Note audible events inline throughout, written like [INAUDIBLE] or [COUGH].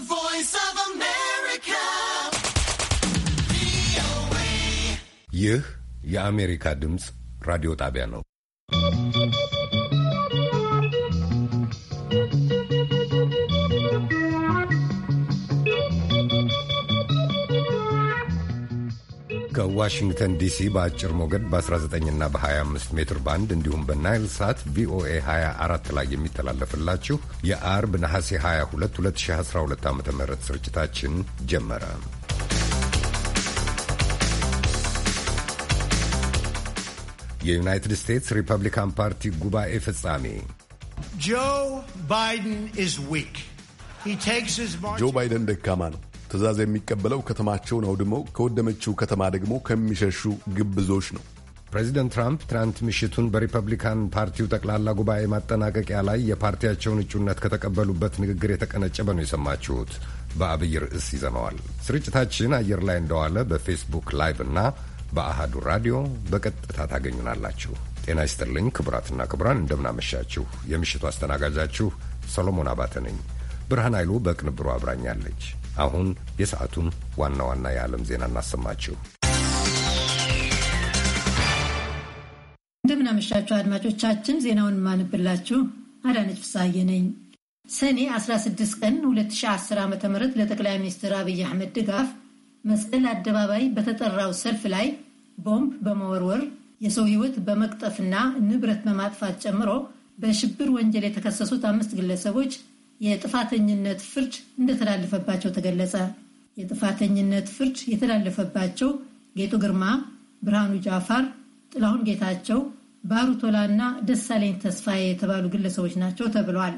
The voice of America. VOA. Yeah, yeah, America dims. Radio Tabiano. ከዋሽንግተን ዲሲ በአጭር ሞገድ በ19ና በ25 ሜትር ባንድ እንዲሁም በናይል ሳት ቪኦኤ 24 ላይ የሚተላለፍላችሁ የአርብ ነሐሴ 22 2012 ዓ ም ስርጭታችን ጀመረ። የዩናይትድ ስቴትስ ሪፐብሊካን ፓርቲ ጉባኤ ፍጻሜ ጆ ባይደን ደካማ ነው ትዕዛዝ የሚቀበለው ከተማቸውን አውድመው ከወደመችው ከተማ ደግሞ ከሚሸሹ ግብዞች ነው። ፕሬዚደንት ትራምፕ ትናንት ምሽቱን በሪፐብሊካን ፓርቲው ጠቅላላ ጉባኤ ማጠናቀቂያ ላይ የፓርቲያቸውን እጩነት ከተቀበሉበት ንግግር የተቀነጨበ ነው የሰማችሁት። በአብይ ርዕስ ይዘነዋል። ስርጭታችን አየር ላይ እንደዋለ በፌስቡክ ላይቭ እና በአሃዱ ራዲዮ በቀጥታ ታገኙናላችሁ። ጤና ይስጥልኝ ክቡራትና ክቡራን፣ እንደምናመሻችሁ። የምሽቱ አስተናጋጃችሁ ሰሎሞን አባተ ነኝ። ብርሃን ኃይሉ በቅንብሩ አብራኛለች። አሁን የሰዓቱን ዋና ዋና የዓለም ዜና እናሰማችሁ። እንደምናመሻችሁ አድማጮቻችን፣ ዜናውን የማንብላችሁ አዳነች ፍሳዬ ነኝ። ሰኔ 16 ቀን 2010 ዓ ም ለጠቅላይ ሚኒስትር አብይ አህመድ ድጋፍ መስቀል አደባባይ በተጠራው ሰልፍ ላይ ቦምብ በመወርወር የሰው ሕይወት በመቅጠፍና ንብረት በማጥፋት ጨምሮ በሽብር ወንጀል የተከሰሱት አምስት ግለሰቦች የጥፋተኝነት ፍርድ እንደተላለፈባቸው ተገለጸ። የጥፋተኝነት ፍርድ የተላለፈባቸው ጌቱ ግርማ፣ ብርሃኑ ጃፋር፣ ጥላሁን ጌታቸው፣ ቶላ እና ደሳለኝ ተስፋዬ የተባሉ ግለሰቦች ናቸው ተብሏል።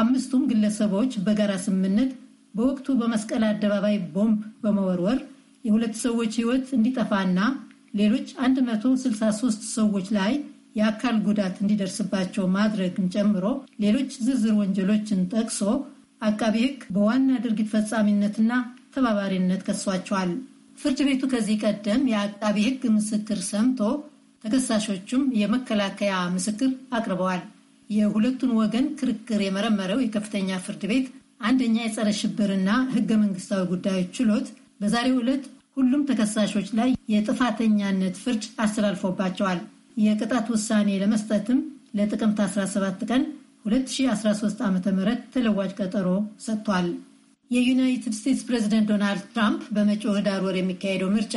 አምስቱም ግለሰቦች በጋራ ስምምነት በወቅቱ በመስቀል አደባባይ ቦምብ በመወርወር የሁለት ሰዎች ሕይወት እንዲጠፋና ሌሎች 163 ሰዎች ላይ የአካል ጉዳት እንዲደርስባቸው ማድረግን ጨምሮ ሌሎች ዝርዝር ወንጀሎችን ጠቅሶ አቃቢ ሕግ በዋና ድርጊት ፈጻሚነትና ተባባሪነት ከሷቸዋል። ፍርድ ቤቱ ከዚህ ቀደም የአቃቢ ሕግ ምስክር ሰምቶ ተከሳሾቹም የመከላከያ ምስክር አቅርበዋል። የሁለቱን ወገን ክርክር የመረመረው የከፍተኛ ፍርድ ቤት አንደኛ የጸረ ሽብርና ሕገ መንግስታዊ ጉዳዮች ችሎት በዛሬው ዕለት ሁሉም ተከሳሾች ላይ የጥፋተኛነት ፍርድ አስተላልፎባቸዋል። የቅጣት ውሳኔ ለመስጠትም ለጥቅምት 17 ቀን 2013 ዓ ም ተለዋጭ ቀጠሮ ሰጥቷል። የዩናይትድ ስቴትስ ፕሬዚደንት ዶናልድ ትራምፕ በመጪው ህዳር ወር የሚካሄደው ምርጫ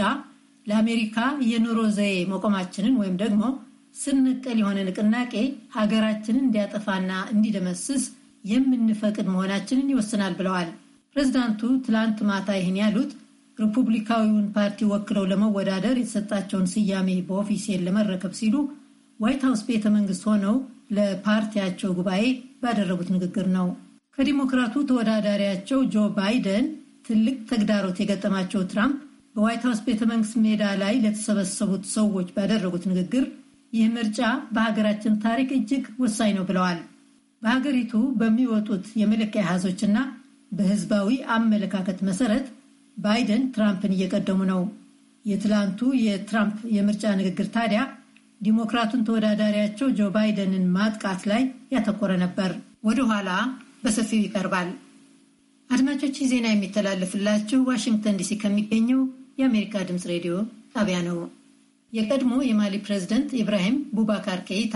ለአሜሪካ የኑሮ ዘዬ መቆማችንን ወይም ደግሞ ስር የሆነ ንቅናቄ ሀገራችንን እንዲያጠፋና እንዲደመስስ የምንፈቅድ መሆናችንን ይወስናል ብለዋል። ፕሬዚዳንቱ ትላንት ማታ ይህን ያሉት ሪፑብሊካዊውን ፓርቲ ወክለው ለመወዳደር የተሰጣቸውን ስያሜ በኦፊሴል ለመረከብ ሲሉ ዋይት ሀውስ ቤተ መንግስት ሆነው ለፓርቲያቸው ጉባኤ ባደረጉት ንግግር ነው። ከዲሞክራቱ ተወዳዳሪያቸው ጆ ባይደን ትልቅ ተግዳሮት የገጠማቸው ትራምፕ በዋይት ሀውስ ቤተ መንግስት ሜዳ ላይ ለተሰበሰቡት ሰዎች ባደረጉት ንግግር ይህ ምርጫ በሀገራችን ታሪክ እጅግ ወሳኝ ነው ብለዋል። በሀገሪቱ በሚወጡት የመለኪያ አሃዞችና በህዝባዊ አመለካከት መሰረት ባይደን ትራምፕን እየቀደሙ ነው። የትላንቱ የትራምፕ የምርጫ ንግግር ታዲያ ዲሞክራቱን ተወዳዳሪያቸው ጆ ባይደንን ማጥቃት ላይ ያተኮረ ነበር። ወደ ኋላ በሰፊው ይቀርባል። አድማጮች፣ ዜና የሚተላለፍላችሁ ዋሽንግተን ዲሲ ከሚገኘው የአሜሪካ ድምፅ ሬዲዮ ጣቢያ ነው። የቀድሞ የማሊ ፕሬዚደንት ኢብራሂም ቡባካር ኬይታ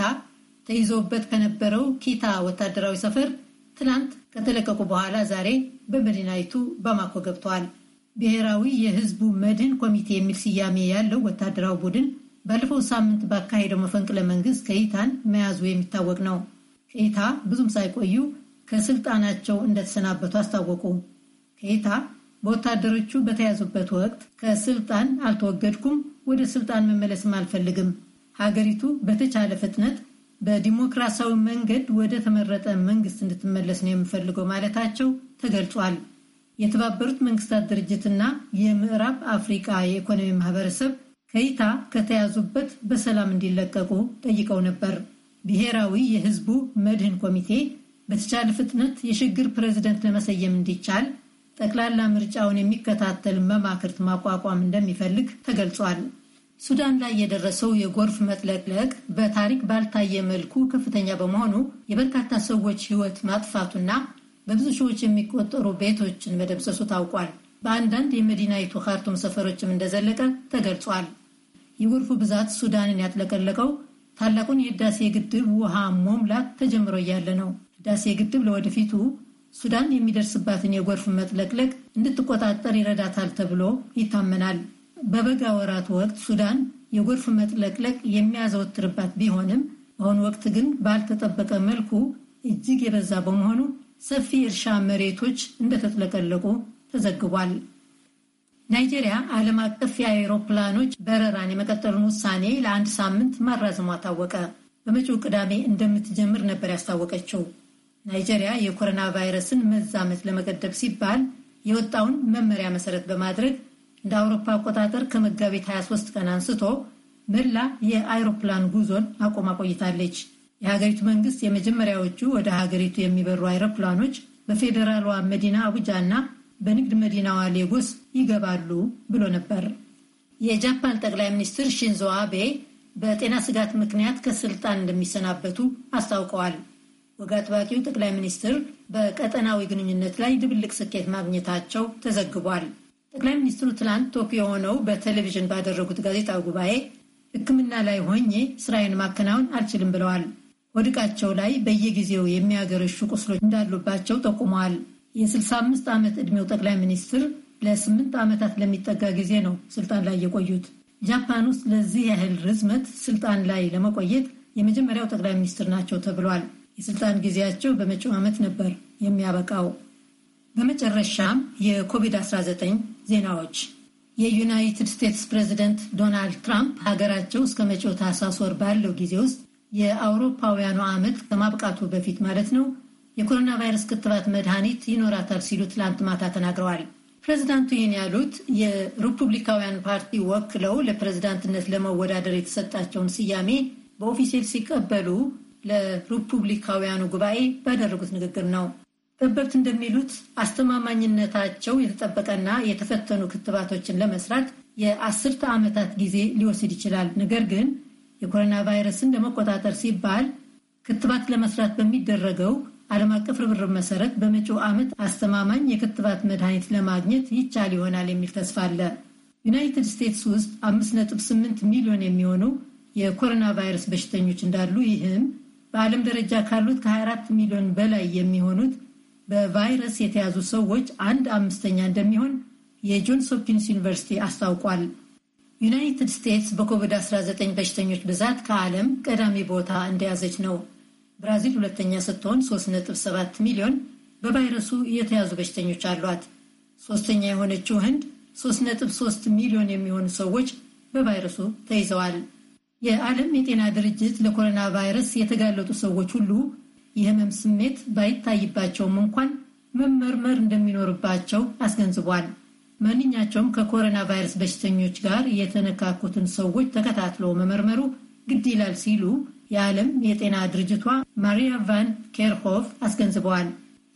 ተይዞበት ከነበረው ኪታ ወታደራዊ ሰፈር ትናንት ከተለቀቁ በኋላ ዛሬ በመዲናይቱ ባማኮ ገብተዋል። ብሔራዊ የህዝቡ መድህን ኮሚቴ የሚል ስያሜ ያለው ወታደራዊ ቡድን ባለፈው ሳምንት ባካሄደው መፈንቅለ መንግስት ከኢታን መያዙ የሚታወቅ ነው። ከኢታ ብዙም ሳይቆዩ ከስልጣናቸው እንደተሰናበቱ አስታወቁ። ከኢታ በወታደሮቹ በተያዙበት ወቅት ከስልጣን አልተወገድኩም፣ ወደ ስልጣን መመለስም አልፈልግም፣ ሀገሪቱ በተቻለ ፍጥነት በዲሞክራሲያዊ መንገድ ወደ ተመረጠ መንግስት እንድትመለስ ነው የምፈልገው ማለታቸው ተገልጿል። የተባበሩት መንግስታት ድርጅትና የምዕራብ አፍሪቃ የኢኮኖሚ ማህበረሰብ ከይታ ከተያዙበት በሰላም እንዲለቀቁ ጠይቀው ነበር። ብሔራዊ የህዝቡ መድህን ኮሚቴ በተቻለ ፍጥነት የሽግግር ፕሬዚደንት ለመሰየም እንዲቻል ጠቅላላ ምርጫውን የሚከታተል መማክርት ማቋቋም እንደሚፈልግ ተገልጿል። ሱዳን ላይ የደረሰው የጎርፍ መጥለቅለቅ በታሪክ ባልታየ መልኩ ከፍተኛ በመሆኑ የበርካታ ሰዎች ህይወት ማጥፋቱና በብዙ ሺዎች የሚቆጠሩ ቤቶችን መደምሰሱ ታውቋል። በአንዳንድ የመዲናይቱ ካርቱም ሰፈሮችም እንደዘለቀ ተገልጿል። የጎርፉ ብዛት ሱዳንን ያጥለቀለቀው ታላቁን የህዳሴ ግድብ ውሃ መሙላት ተጀምሮ እያለ ነው። ህዳሴ ግድብ ለወደፊቱ ሱዳን የሚደርስባትን የጎርፍ መጥለቅለቅ እንድትቆጣጠር ይረዳታል ተብሎ ይታመናል። በበጋ ወራት ወቅት ሱዳን የጎርፍ መጥለቅለቅ የሚያዘወትርባት ቢሆንም በአሁኑ ወቅት ግን ባልተጠበቀ መልኩ እጅግ የበዛ በመሆኑ ሰፊ እርሻ መሬቶች እንደተጥለቀለቁ ተዘግቧል። ናይጄሪያ ዓለም አቀፍ የአውሮፕላኖች በረራን የመቀጠሉን ውሳኔ ለአንድ ሳምንት ማራዘሟ ታወቀ። በመጪው ቅዳሜ እንደምትጀምር ነበር ያስታወቀችው። ናይጄሪያ የኮሮና ቫይረስን መዛመት ለመገደብ ሲባል የወጣውን መመሪያ መሰረት በማድረግ እንደ አውሮፓ አቆጣጠር ከመጋቢት 23 ቀን አንስቶ መላ የአውሮፕላን ጉዞን አቆማ ቆይታለች። የሀገሪቱ መንግስት የመጀመሪያዎቹ ወደ ሀገሪቱ የሚበሩ አይሮፕላኖች በፌዴራሏ መዲና አቡጃ እና በንግድ መዲናዋ ሌጎስ ይገባሉ ብሎ ነበር። የጃፓን ጠቅላይ ሚኒስትር ሺንዞ አቤ በጤና ስጋት ምክንያት ከስልጣን እንደሚሰናበቱ አስታውቀዋል። ወግ አጥባቂው ጠቅላይ ሚኒስትር በቀጠናዊ ግንኙነት ላይ ድብልቅ ስኬት ማግኘታቸው ተዘግቧል። ጠቅላይ ሚኒስትሩ ትላንት ቶኪዮ ሆነው በቴሌቪዥን ባደረጉት ጋዜጣ ጉባኤ ሕክምና ላይ ሆኜ ስራዬን ማከናወን አልችልም ብለዋል። ወድቃቸው ላይ በየጊዜው የሚያገረሹ ቁስሎች እንዳሉባቸው ጠቁመዋል። የ65 ዓመት ዕድሜው ጠቅላይ ሚኒስትር ለስምንት ዓመታት ለሚጠጋ ጊዜ ነው ስልጣን ላይ የቆዩት። ጃፓን ውስጥ ለዚህ ያህል ርዝመት ስልጣን ላይ ለመቆየት የመጀመሪያው ጠቅላይ ሚኒስትር ናቸው ተብሏል። የስልጣን ጊዜያቸው በመጪው ዓመት ነበር የሚያበቃው። በመጨረሻም የኮቪድ-19 ዜናዎች። የዩናይትድ ስቴትስ ፕሬዚደንት ዶናልድ ትራምፕ ሀገራቸው እስከ መጪው ታህሳስ ወር ባለው ጊዜ ውስጥ የአውሮፓውያኑ ዓመት ከማብቃቱ በፊት ማለት ነው የኮሮና ቫይረስ ክትባት መድኃኒት ይኖራታል ሲሉ ትላንት ማታ ተናግረዋል። ፕሬዚዳንቱ ይህን ያሉት የሪፑብሊካውያን ፓርቲ ወክለው ለፕሬዚዳንትነት ለመወዳደር የተሰጣቸውን ስያሜ በኦፊሴል ሲቀበሉ ለሪፑብሊካውያኑ ጉባኤ ባደረጉት ንግግር ነው። ጠበብት እንደሚሉት አስተማማኝነታቸው የተጠበቀና የተፈተኑ ክትባቶችን ለመስራት የአስርተ ዓመታት ጊዜ ሊወስድ ይችላል። ነገር ግን የኮሮና ቫይረስን ለመቆጣጠር ሲባል ክትባት ለመስራት በሚደረገው ዓለም አቀፍ ርብርብ መሰረት በመጪው ዓመት አስተማማኝ የክትባት መድኃኒት ለማግኘት ይቻል ይሆናል የሚል ተስፋ አለ። ዩናይትድ ስቴትስ ውስጥ 5.8 ሚሊዮን የሚሆኑ የኮሮና ቫይረስ በሽተኞች እንዳሉ ይህም በዓለም ደረጃ ካሉት ከ24 ሚሊዮን በላይ የሚሆኑት በቫይረስ የተያዙ ሰዎች አንድ አምስተኛ እንደሚሆን የጆንስ ሆፕኪንስ ዩኒቨርሲቲ አስታውቋል። ዩናይትድ ስቴትስ በኮቪድ-19 በሽተኞች ብዛት ከዓለም ቀዳሚ ቦታ እንደያዘች ነው። ብራዚል ሁለተኛ ስትሆን 3.7 ሚሊዮን በቫይረሱ የተያዙ በሽተኞች አሏት። ሶስተኛ የሆነችው ህንድ 3.3 ሚሊዮን የሚሆኑ ሰዎች በቫይረሱ ተይዘዋል። የዓለም የጤና ድርጅት ለኮሮና ቫይረስ የተጋለጡ ሰዎች ሁሉ የህመም ስሜት ባይታይባቸውም እንኳን መመርመር እንደሚኖርባቸው አስገንዝቧል። ማንኛቸውም ከኮሮና ቫይረስ በሽተኞች ጋር የተነካኩትን ሰዎች ተከታትሎ መመርመሩ ግድ ይላል ሲሉ የዓለም የጤና ድርጅቷ ማሪያ ቫን ኬርሆፍ አስገንዝበዋል።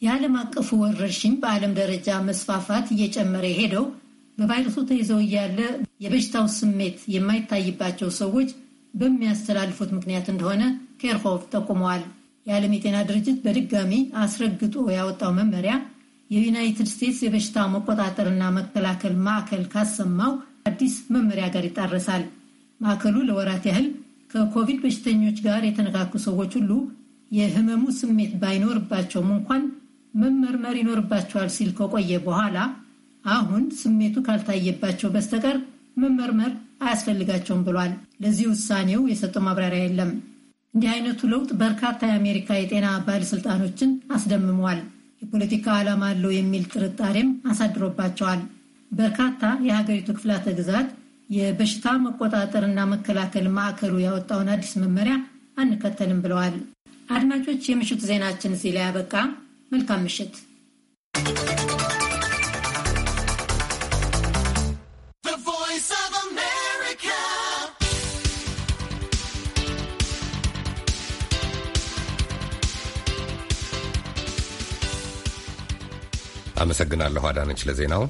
የዓለም አቀፉ ወረርሽኝ በዓለም ደረጃ መስፋፋት እየጨመረ ሄደው በቫይረሱ ተይዘው እያለ የበሽታው ስሜት የማይታይባቸው ሰዎች በሚያስተላልፉት ምክንያት እንደሆነ ኬርሆፍ ጠቁመዋል። የዓለም የጤና ድርጅት በድጋሚ አስረግጦ ያወጣው መመሪያ የዩናይትድ ስቴትስ የበሽታ መቆጣጠርና መከላከል ማዕከል ካሰማው አዲስ መመሪያ ጋር ይጣረሳል። ማዕከሉ ለወራት ያህል ከኮቪድ በሽተኞች ጋር የተነካኩ ሰዎች ሁሉ የህመሙ ስሜት ባይኖርባቸውም እንኳን መመርመር ይኖርባቸዋል ሲል ከቆየ በኋላ አሁን ስሜቱ ካልታየባቸው በስተቀር መመርመር አያስፈልጋቸውም ብሏል። ለዚህ ውሳኔው የሰጠው ማብራሪያ የለም። እንዲህ አይነቱ ለውጥ በርካታ የአሜሪካ የጤና ባለስልጣኖችን አስደምመዋል። የፖለቲካ ዓላማ አለው የሚል ጥርጣሬም አሳድሮባቸዋል። በርካታ የሀገሪቱ ክፍላተ ግዛት የበሽታ መቆጣጠርና መከላከል ማዕከሉ ያወጣውን አዲስ መመሪያ አንከተልም ብለዋል። አድማጮች፣ የምሽቱ ዜናችን እዚህ ላይ ያበቃ። መልካም ምሽት። አመሰግናለሁ አዳነች ለዜናው።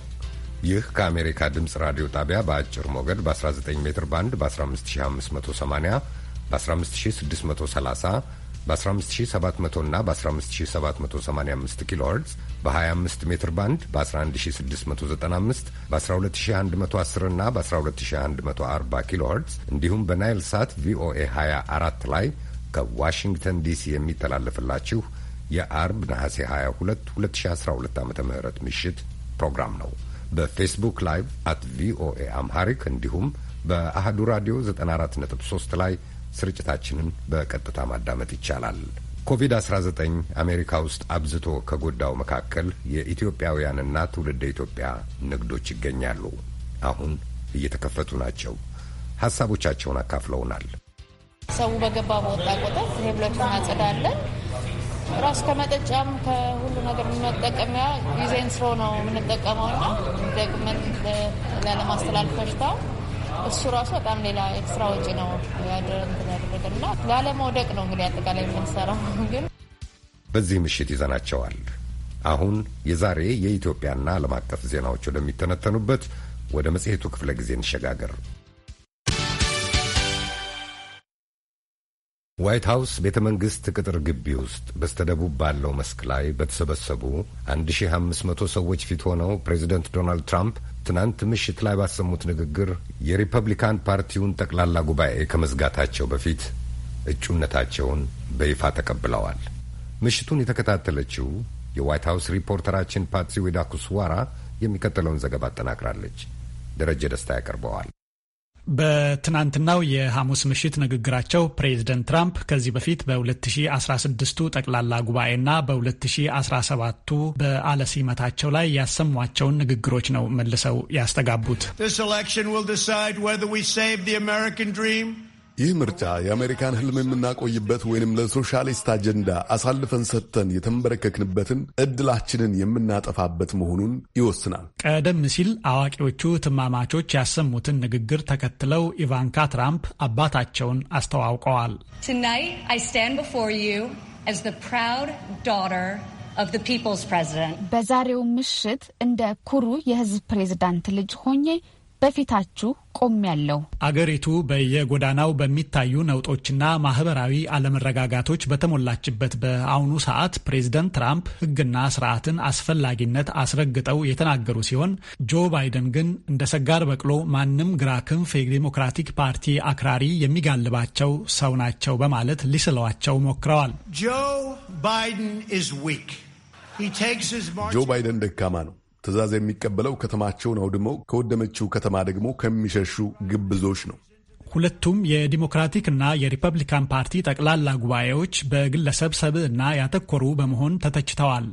ይህ ከአሜሪካ ድምፅ ራዲዮ ጣቢያ በአጭር ሞገድ በ19 ሜትር ባንድ በ15580 በ15630 በ15700 እና በ15785 ኪሎ በ25 ሜትር ባንድ በ11695 በ12110 እና በ12140 ኪሎ እንዲሁም በናይል ሳት ቪኦኤ 24 ላይ ከዋሽንግተን ዲሲ የሚተላለፍላችሁ የአርብ ነሐሴ 22 2012 ዓ ም ምሽት ፕሮግራም ነው። በፌስቡክ ላይቭ አት ቪኦኤ አምሃሪክ እንዲሁም በአህዱ ራዲዮ 943 ላይ ስርጭታችንን በቀጥታ ማዳመጥ ይቻላል። ኮቪድ-19 አሜሪካ ውስጥ አብዝቶ ከጎዳው መካከል የኢትዮጵያውያንና ትውልደ ኢትዮጵያ ንግዶች ይገኛሉ። አሁን እየተከፈቱ ናቸው። ሀሳቦቻቸውን አካፍለውናል። ሰው በገባ በወጣ ቁጥር ቴብሎቹን እናጸዳለን። ራሱ ከመጠጫም ከሁሉ ነገር የምንጠቀሚያ ጊዜን ስሮ ነው የምንጠቀመው እና ደግመን ላለማስተላለፍ እሱ ራሱ በጣም ሌላ ኤክስትራ ወጪ ነው ያደረግን እና ላለመውደቅ ነው እንግዲህ አጠቃላይ የምንሰራው። [LAUGHS] ግን በዚህ ምሽት ይዘናቸዋል። አሁን የዛሬ የኢትዮጵያና ዓለም አቀፍ ዜናዎች ወደሚተነተኑበት ወደ መጽሔቱ ክፍለ ጊዜ እንሸጋገር። ዋይት ሀውስ ቤተ መንግሥት ቅጥር ግቢ ውስጥ በስተደቡብ ባለው መስክ ላይ በተሰበሰቡ 1500 ሰዎች ፊት ሆነው ፕሬዚደንት ዶናልድ ትራምፕ ትናንት ምሽት ላይ ባሰሙት ንግግር የሪፐብሊካን ፓርቲውን ጠቅላላ ጉባኤ ከመዝጋታቸው በፊት እጩነታቸውን በይፋ ተቀብለዋል። ምሽቱን የተከታተለችው የዋይት ሀውስ ሪፖርተራችን ፓትሲ ዊዳኩስዋራ የሚከተለውን ዘገባ አጠናቅራለች። ደረጀ ደስታ ያቀርበዋል። በትናንትናው የሐሙስ ምሽት ንግግራቸው ፕሬዝደንት ትራምፕ ከዚህ በፊት በ2016ቱ ጠቅላላ ጉባኤና በ2017ቱ በዓለ ሲመታቸው ላይ ያሰሟቸውን ንግግሮች ነው መልሰው ያስተጋቡት። ይህ ምርጫ የአሜሪካን ህልም የምናቆይበት ወይንም ለሶሻሊስት አጀንዳ አሳልፈን ሰጥተን የተንበረከክንበትን እድላችንን የምናጠፋበት መሆኑን ይወስናል። ቀደም ሲል አዋቂዎቹ ትማማቾች ያሰሙትን ንግግር ተከትለው ኢቫንካ ትራምፕ አባታቸውን አስተዋውቀዋል። በዛሬው ምሽት እንደ ኩሩ የህዝብ ፕሬዝዳንት ልጅ ሆኜ በፊታችሁ ቆም ያለው አገሪቱ በየጎዳናው በሚታዩ ነውጦችና ማህበራዊ አለመረጋጋቶች በተሞላችበት በአሁኑ ሰዓት ፕሬዝደንት ትራምፕ ሕግና ስርዓትን አስፈላጊነት አስረግጠው የተናገሩ ሲሆን ጆ ባይደን ግን እንደ ሰጋር በቅሎ ማንም ግራ ክንፍ የዲሞክራቲክ ፓርቲ አክራሪ የሚጋልባቸው ሰው ናቸው በማለት ሊስለዋቸው ሞክረዋል። ጆ ባይደን ደካማ ነው። ትዕዛዝ የሚቀበለው ከተማቸውን አውድመው ከወደመችው ከተማ ደግሞ ከሚሸሹ ግብዞች ነው። ሁለቱም የዲሞክራቲክ እና የሪፐብሊካን ፓርቲ ጠቅላላ ጉባኤዎች በግለሰብ ሰብዕና ያተኮሩ በመሆን ተተችተዋል።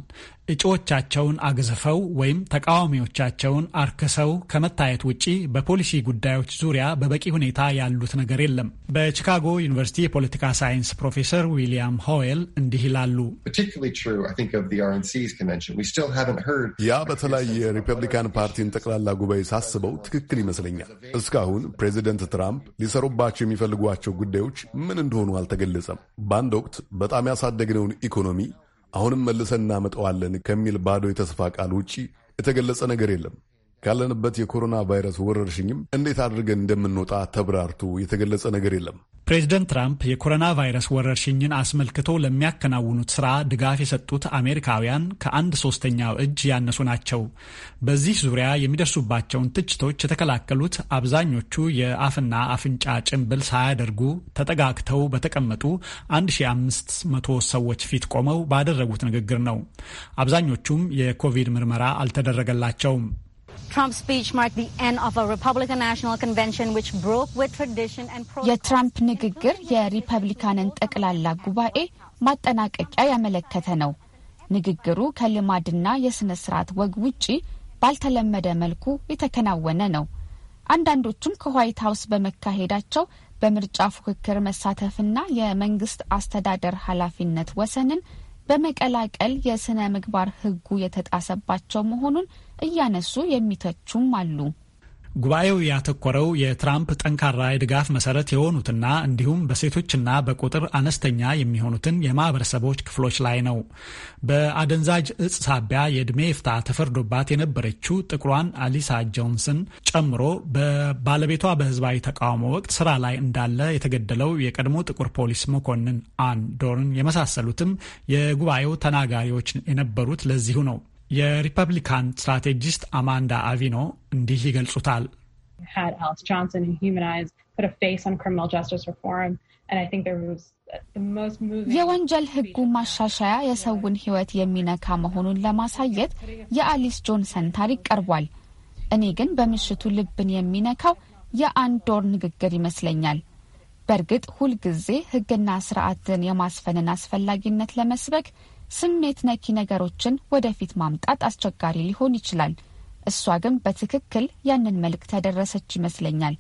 እጩዎቻቸውን አግዝፈው ወይም ተቃዋሚዎቻቸውን አርክሰው ከመታየት ውጪ በፖሊሲ ጉዳዮች ዙሪያ በበቂ ሁኔታ ያሉት ነገር የለም። በቺካጎ ዩኒቨርሲቲ የፖለቲካ ሳይንስ ፕሮፌሰር ዊሊያም ሆዌል እንዲህ ይላሉ። ያ በተለይ የሪፐብሊካን ፓርቲን ጠቅላላ ጉባኤ ሳስበው ትክክል ይመስለኛል። እስካሁን ፕሬዚደንት ትራምፕ ሊሰሩባቸው የሚፈልጓቸው ጉዳዮች ምን እንደሆኑ አልተገለጸም። በአንድ ወቅት በጣም ያሳደግነውን ኢኮኖሚ አሁንም መልሰን እናመጣዋለን ከሚል ባዶ የተስፋ ቃል ውጪ የተገለጸ ነገር የለም። ካለንበት የኮሮና ቫይረስ ወረርሽኝም እንዴት አድርገን እንደምንወጣ ተብራርቶ የተገለጸ ነገር የለም። ፕሬዚደንት ትራምፕ የኮሮና ቫይረስ ወረርሽኝን አስመልክቶ ለሚያከናውኑት ስራ ድጋፍ የሰጡት አሜሪካውያን ከአንድ ሶስተኛው እጅ ያነሱ ናቸው። በዚህ ዙሪያ የሚደርሱባቸውን ትችቶች የተከላከሉት አብዛኞቹ የአፍና አፍንጫ ጭንብል ሳያደርጉ ተጠጋግተው በተቀመጡ 1500 ሰዎች ፊት ቆመው ባደረጉት ንግግር ነው። አብዛኞቹም የኮቪድ ምርመራ አልተደረገላቸውም። የትራምፕ ንግግር የሪፐብሊካንን ጠቅላላ ጉባኤ ማጠናቀቂያ ያመለከተ ነው። ንግግሩ ከልማድና የሥነ ሥርዓት ወግ ውጪ ባልተለመደ መልኩ የተከናወነ ነው። አንዳንዶቹም ከዋይት ሀውስ በመካሄዳቸው በምርጫ ፉክክር መሳተፍና የመንግስት አስተዳደር ኃላፊነት ወሰንን በመቀላቀል የሥነ ምግባር ሕጉ የተጣሰባቸው መሆኑን እያነሱ የሚተቹም አሉ። ጉባኤው ያተኮረው የትራምፕ ጠንካራ የድጋፍ መሰረት የሆኑትና እንዲሁም በሴቶችና በቁጥር አነስተኛ የሚሆኑትን የማህበረሰቦች ክፍሎች ላይ ነው። በአደንዛጅ እጽ ሳቢያ የዕድሜ ይፍታ ተፈርዶባት የነበረችው ጥቁሯን አሊሳ ጆንስን ጨምሮ በባለቤቷ በህዝባዊ ተቃውሞ ወቅት ስራ ላይ እንዳለ የተገደለው የቀድሞ ጥቁር ፖሊስ መኮንን አን ዶርን የመሳሰሉትም የጉባኤው ተናጋሪዎች የነበሩት ለዚሁ ነው። የሪፐብሊካን ስትራቴጂስት አማንዳ አቪኖ እንዲህ ይገልጹታል። የወንጀል ህጉ ማሻሻያ የሰውን ህይወት የሚነካ መሆኑን ለማሳየት የአሊስ ጆንሰን ታሪክ ቀርቧል። እኔ ግን በምሽቱ ልብን የሚነካው የአንድ ወር ንግግር ይመስለኛል። በእርግጥ ሁልጊዜ ህግና ስርዓትን የማስፈንን አስፈላጊነት ለመስበክ ስሜት ነኪ ነገሮችን ወደፊት ማምጣት አስቸጋሪ ሊሆን ይችላል። እሷ ግን በትክክል ያንን መልእክት ያደረሰች ይመስለኛል።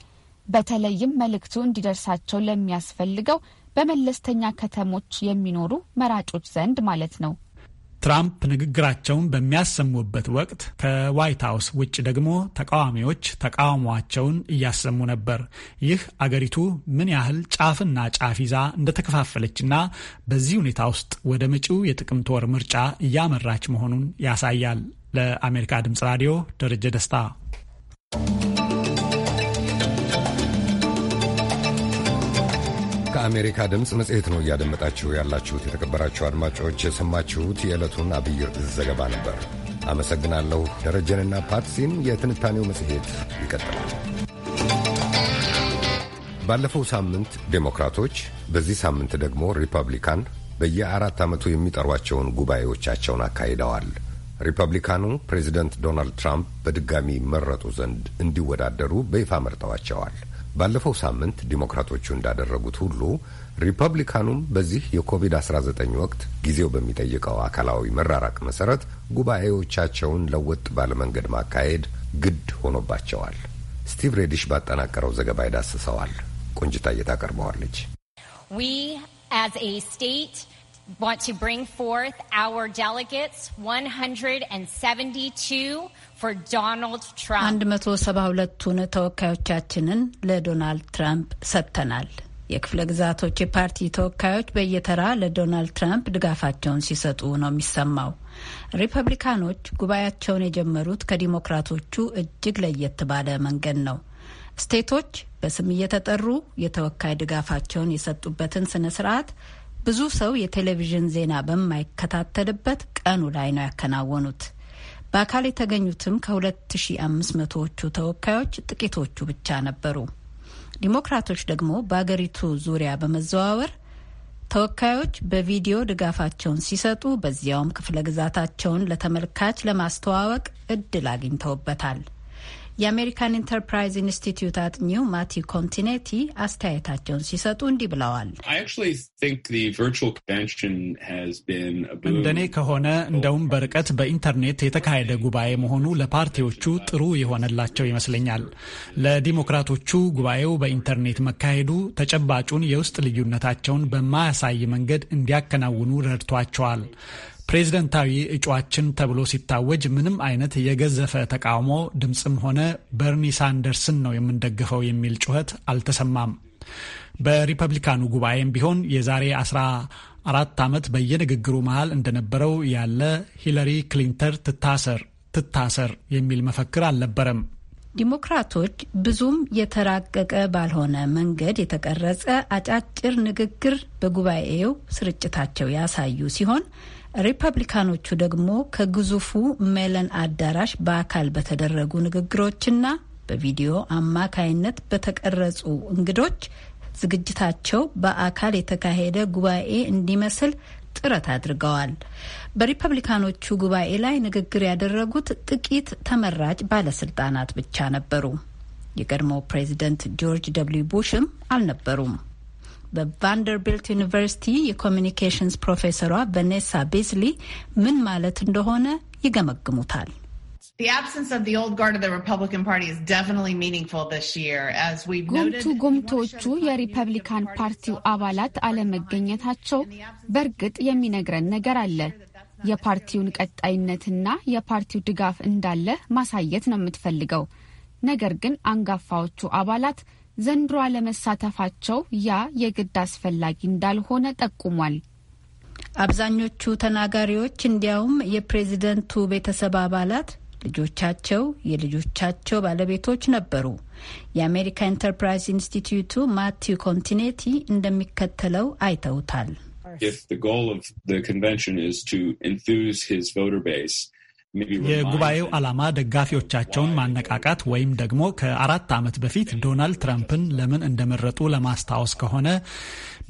በተለይም መልእክቱ እንዲደርሳቸው ለሚያስፈልገው በመለስተኛ ከተሞች የሚኖሩ መራጮች ዘንድ ማለት ነው። ትራምፕ ንግግራቸውን በሚያሰሙበት ወቅት ከዋይት ሀውስ ውጭ ደግሞ ተቃዋሚዎች ተቃውሟቸውን እያሰሙ ነበር። ይህ አገሪቱ ምን ያህል ጫፍና ጫፍ ይዛ እንደተከፋፈለችና በዚህ ሁኔታ ውስጥ ወደ መጪው የጥቅምት ወር ምርጫ እያመራች መሆኑን ያሳያል። ለአሜሪካ ድምጽ ራዲዮ ደረጀ ደስታ ከአሜሪካ ድምፅ መጽሔት ነው እያደመጣችሁ ያላችሁት። የተከበራችሁ አድማጮች የሰማችሁት የዕለቱን አብይ ዘገባ ነበር። አመሰግናለሁ ደረጀንና ፓትሲን። የትንታኔው መጽሔት ይቀጥላል። ባለፈው ሳምንት ዴሞክራቶች፣ በዚህ ሳምንት ደግሞ ሪፐብሊካን በየአራት ዓመቱ የሚጠሯቸውን ጉባኤዎቻቸውን አካሂደዋል። ሪፐብሊካኑ ፕሬዚደንት ዶናልድ ትራምፕ በድጋሚ መረጡ ዘንድ እንዲወዳደሩ በይፋ መርጠዋቸዋል። ባለፈው ሳምንት ዲሞክራቶቹ እንዳደረጉት ሁሉ ሪፐብሊካኑም በዚህ የኮቪድ-19 ወቅት ጊዜው በሚጠይቀው አካላዊ መራራቅ መሰረት ጉባኤዎቻቸውን ለወጥ ባለመንገድ ማካሄድ ግድ ሆኖባቸዋል። ስቲቭ ሬዲሽ ባጠናቀረው ዘገባ ይዳስሰዋል። ቆንጅታ እየታቀርበዋለች። want to bring forth our delegates 172 for Donald Trump 172 ተወካዮቻችንን ለዶናልድ ትራምፕ ሰጥተናል። የክፍለ ግዛቶች የፓርቲ ተወካዮች በየተራ ለዶናልድ ትራምፕ ድጋፋቸውን ሲሰጡ ነው የሚሰማው። ሪፐብሊካኖች ጉባኤያቸውን የጀመሩት ከዲሞክራቶቹ እጅግ ለየት ባለ መንገድ ነው። ስቴቶች በስም እየተጠሩ የተወካይ ድጋፋቸውን የሰጡበትን ስነ ስርዓት ብዙ ሰው የቴሌቪዥን ዜና በማይከታተልበት ቀኑ ላይ ነው ያከናወኑት። በአካል የተገኙትም ከ2500ዎቹ ተወካዮች ጥቂቶቹ ብቻ ነበሩ። ዲሞክራቶች ደግሞ በአገሪቱ ዙሪያ በመዘዋወር ተወካዮች በቪዲዮ ድጋፋቸውን ሲሰጡ፣ በዚያውም ክፍለ ግዛታቸውን ለተመልካች ለማስተዋወቅ እድል አግኝተውበታል። የአሜሪካን ኢንተርፕራይዝ ኢንስቲትዩት አጥኚው ማቲ ኮንቲኔቲ አስተያየታቸውን ሲሰጡ እንዲህ ብለዋል። እንደኔ ከሆነ እንደውም በርቀት በኢንተርኔት የተካሄደ ጉባኤ መሆኑ ለፓርቲዎቹ ጥሩ የሆነላቸው ይመስለኛል። ለዲሞክራቶቹ ጉባኤው በኢንተርኔት መካሄዱ ተጨባጩን የውስጥ ልዩነታቸውን በማያሳይ መንገድ እንዲያከናውኑ ረድቷቸዋል። ፕሬዝደንታዊ እጩዋችን ተብሎ ሲታወጅ ምንም አይነት የገዘፈ ተቃውሞ ድምፅም ሆነ በርኒ ሳንደርስን ነው የምንደግፈው የሚል ጩኸት አልተሰማም። በሪፐብሊካኑ ጉባኤም ቢሆን የዛሬ አራት ዓመት በየንግግሩ መሃል እንደነበረው ያለ ሂለሪ ክሊንተን ትታሰር ትታሰር የሚል መፈክር አልነበረም። ዲሞክራቶች ብዙም የተራቀቀ ባልሆነ መንገድ የተቀረጸ አጫጭር ንግግር በጉባኤው ስርጭታቸው ያሳዩ ሲሆን ሪፐብሊካኖቹ ደግሞ ከግዙፉ ሜለን አዳራሽ በአካል በተደረጉ ንግግሮችና በቪዲዮ አማካይነት በተቀረጹ እንግዶች ዝግጅታቸው በአካል የተካሄደ ጉባኤ እንዲመስል ጥረት አድርገዋል። በሪፐብሊካኖቹ ጉባኤ ላይ ንግግር ያደረጉት ጥቂት ተመራጭ ባለስልጣናት ብቻ ነበሩ። የቀድሞው ፕሬዚደንት ጆርጅ ደብልዩ ቡሽም አልነበሩም። በቫንደርቢልት ዩኒቨርሲቲ የኮሚኒኬሽንስ ፕሮፌሰሯ ቨኔሳ ቤዝሊ ምን ማለት እንደሆነ ይገመግሙታል። ጉምቱ ጉምቶቹ የሪፐብሊካን ፓርቲው አባላት አለመገኘታቸው በእርግጥ የሚነግረን ነገር አለ። የፓርቲውን ቀጣይነትና የፓርቲው ድጋፍ እንዳለ ማሳየት ነው የምትፈልገው። ነገር ግን አንጋፋዎቹ አባላት ዘንድሮ አለመሳተፋቸው ያ የግድ አስፈላጊ እንዳልሆነ ጠቁሟል። አብዛኞቹ ተናጋሪዎች እንዲያውም የፕሬዝደንቱ ቤተሰብ አባላት ልጆቻቸው፣ የልጆቻቸው ባለቤቶች ነበሩ። የአሜሪካ ኢንተርፕራይዝ ኢንስቲትዩቱ ማቲው ኮንቲኔቲ እንደሚከተለው አይተውታል። If the goal of the convention is to enthuse his voter base የጉባኤው ዓላማ ደጋፊዎቻቸውን ማነቃቃት ወይም ደግሞ ከአራት ዓመት በፊት ዶናልድ ትራምፕን ለምን እንደመረጡ ለማስታወስ ከሆነ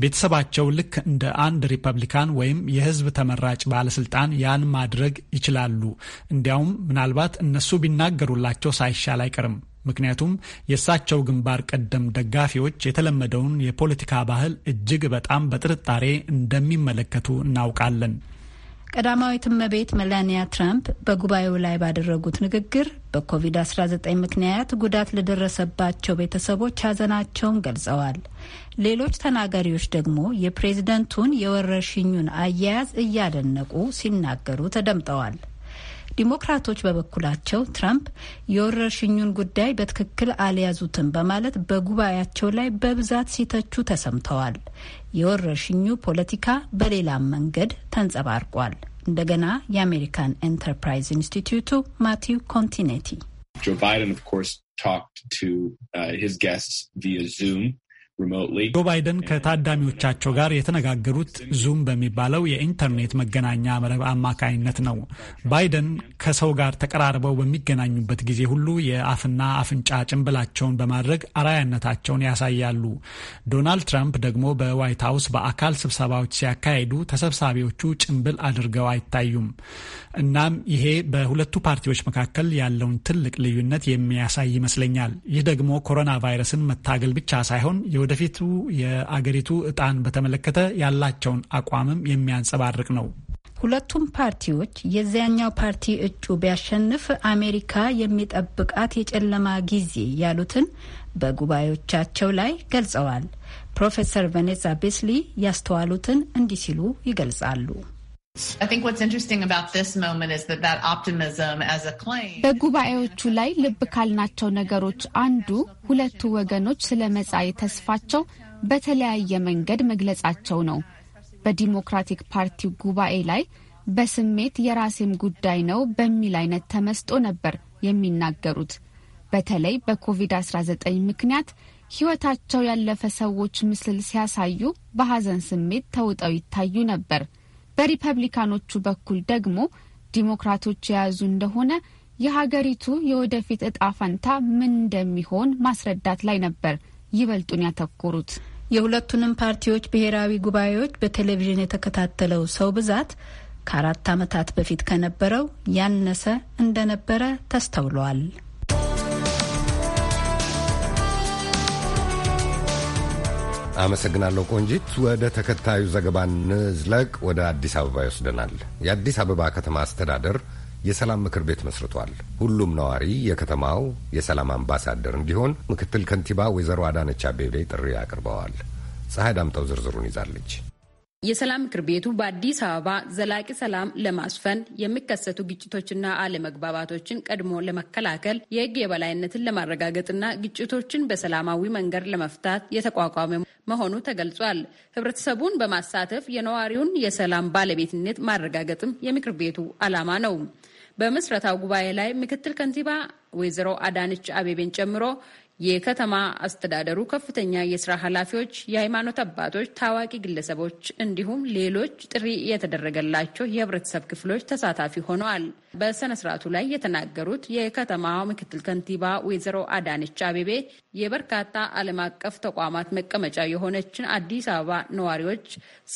ቤተሰባቸው ልክ እንደ አንድ ሪፐብሊካን ወይም የሕዝብ ተመራጭ ባለስልጣን ያን ማድረግ ይችላሉ። እንዲያውም ምናልባት እነሱ ቢናገሩላቸው ሳይሻል አይቀርም። ምክንያቱም የእሳቸው ግንባር ቀደም ደጋፊዎች የተለመደውን የፖለቲካ ባህል እጅግ በጣም በጥርጣሬ እንደሚመለከቱ እናውቃለን። ቀዳማዊት እመቤት ሜላኒያ ትራምፕ በጉባኤው ላይ ባደረጉት ንግግር በኮቪድ-19 ምክንያት ጉዳት ለደረሰባቸው ቤተሰቦች ሐዘናቸውን ገልጸዋል። ሌሎች ተናጋሪዎች ደግሞ የፕሬዝደንቱን የወረርሽኙን አያያዝ እያደነቁ ሲናገሩ ተደምጠዋል። ዲሞክራቶች በበኩላቸው ትራምፕ የወረርሽኙን ጉዳይ በትክክል አልያዙትም በማለት በጉባኤያቸው ላይ በብዛት ሲተቹ ተሰምተዋል። የወረርሽኙ ፖለቲካ በሌላም መንገድ ተንጸባርቋል። እንደገና የአሜሪካን ኤንተርፕራይዝ ኢንስቲትዩቱ ማቲው ኮንቲኔቲ ጆ ባይደን ኦፍ ኮርስ talked ቱ ሂዝ ጌስትስ ቪያ ዙም ጆ ባይደን ከታዳሚዎቻቸው ጋር የተነጋገሩት ዙም በሚባለው የኢንተርኔት መገናኛ መረብ አማካኝነት ነው። ባይደን ከሰው ጋር ተቀራርበው በሚገናኙበት ጊዜ ሁሉ የአፍና አፍንጫ ጭንብላቸውን በማድረግ አራያነታቸውን ያሳያሉ። ዶናልድ ትራምፕ ደግሞ በዋይት ሀውስ በአካል ስብሰባዎች ሲያካሂዱ ተሰብሳቢዎቹ ጭንብል አድርገው አይታዩም። እናም ይሄ በሁለቱ ፓርቲዎች መካከል ያለውን ትልቅ ልዩነት የሚያሳይ ይመስለኛል። ይህ ደግሞ ኮሮና ቫይረስን መታገል ብቻ ሳይሆን የወደፊቱ የአገሪቱ እጣን በተመለከተ ያላቸውን አቋምም የሚያንጸባርቅ ነው። ሁለቱም ፓርቲዎች የዚያኛው ፓርቲ እጩ ቢያሸንፍ አሜሪካ የሚጠብቃት የጨለማ ጊዜ ያሉትን በጉባኤዎቻቸው ላይ ገልጸዋል። ፕሮፌሰር ቬኔሳ ቤስሊ ያስተዋሉትን እንዲህ ሲሉ ይገልጻሉ። በጉባኤዎቹ ላይ ልብ ካልናቸው ነገሮች አንዱ ሁለቱ ወገኖች ስለ መጻኢ ተስፋቸው በተለያየ መንገድ መግለጻቸው ነው። በዲሞክራቲክ ፓርቲው ጉባኤ ላይ በስሜት የራሴም ጉዳይ ነው በሚል አይነት ተመስጦ ነበር የሚናገሩት። በተለይ በኮቪድ-19 ምክንያት ሕይወታቸው ያለፈ ሰዎች ምስል ሲያሳዩ በሐዘን ስሜት ተውጠው ይታዩ ነበር። በሪፐብሊካኖቹ በኩል ደግሞ ዲሞክራቶች የያዙ እንደሆነ የሀገሪቱ የወደፊት እጣ ፈንታ ምን እንደሚሆን ማስረዳት ላይ ነበር ይበልጡን ያተኮሩት። የሁለቱንም ፓርቲዎች ብሔራዊ ጉባኤዎች በቴሌቪዥን የተከታተለው ሰው ብዛት ከአራት ዓመታት በፊት ከነበረው ያነሰ እንደነበረ ተስተውሏል። አመሰግናለሁ ቆንጂት። ወደ ተከታዩ ዘገባ ንዝለቅ ወደ አዲስ አበባ ይወስደናል። የአዲስ አበባ ከተማ አስተዳደር የሰላም ምክር ቤት መስርቷል። ሁሉም ነዋሪ የከተማው የሰላም አምባሳደር እንዲሆን ምክትል ከንቲባ ወይዘሮ አዳነች አቤቤ ጥሪ አቅርበዋል። ፀሐይ ዳምጠው ዝርዝሩን ይዛለች። የሰላም ምክር ቤቱ በአዲስ አበባ ዘላቂ ሰላም ለማስፈን የሚከሰቱ ግጭቶችና አለመግባባቶችን ቀድሞ ለመከላከል የሕግ የበላይነትን ለማረጋገጥና ግጭቶችን በሰላማዊ መንገድ ለመፍታት የተቋቋመ መሆኑ ተገልጿል። ህብረተሰቡን በማሳተፍ የነዋሪውን የሰላም ባለቤትነት ማረጋገጥም የምክር ቤቱ ዓላማ ነው። በምስረታው ጉባኤ ላይ ምክትል ከንቲባ ወይዘሮ አዳነች አቤቤን ጨምሮ የከተማ አስተዳደሩ ከፍተኛ የስራ ኃላፊዎች፣ የሃይማኖት አባቶች፣ ታዋቂ ግለሰቦች እንዲሁም ሌሎች ጥሪ የተደረገላቸው የህብረተሰብ ክፍሎች ተሳታፊ ሆነዋል። በሰነ ስርዓቱ ላይ የተናገሩት የከተማው ምክትል ከንቲባ ወይዘሮ አዳነች አቤቤ የበርካታ ዓለም አቀፍ ተቋማት መቀመጫ የሆነችን አዲስ አበባ ነዋሪዎች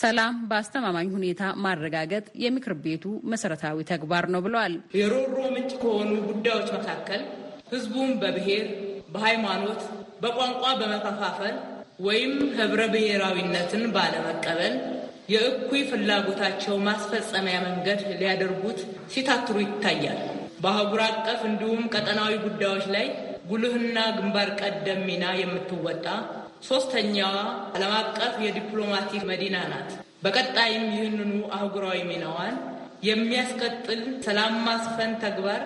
ሰላም በአስተማማኝ ሁኔታ ማረጋገጥ የምክር ቤቱ መሰረታዊ ተግባር ነው ብለዋል። የሮሮ ምንጭ ከሆኑ ጉዳዮች መካከል ህዝቡን በብሔር በሃይማኖት፣ በቋንቋ በመከፋፈል ወይም ህብረ ብሔራዊነትን ባለመቀበል የእኩይ ፍላጎታቸው ማስፈጸሚያ መንገድ ሊያደርጉት ሲታትሩ ይታያል። በአህጉር አቀፍ እንዲሁም ቀጠናዊ ጉዳዮች ላይ ጉልህና ግንባር ቀደም ሚና የምትወጣ ሶስተኛዋ ዓለም አቀፍ የዲፕሎማቲክ መዲና ናት። በቀጣይም ይህንኑ አህጉራዊ ሚናዋን የሚያስቀጥል ሰላም ማስፈን ተግባር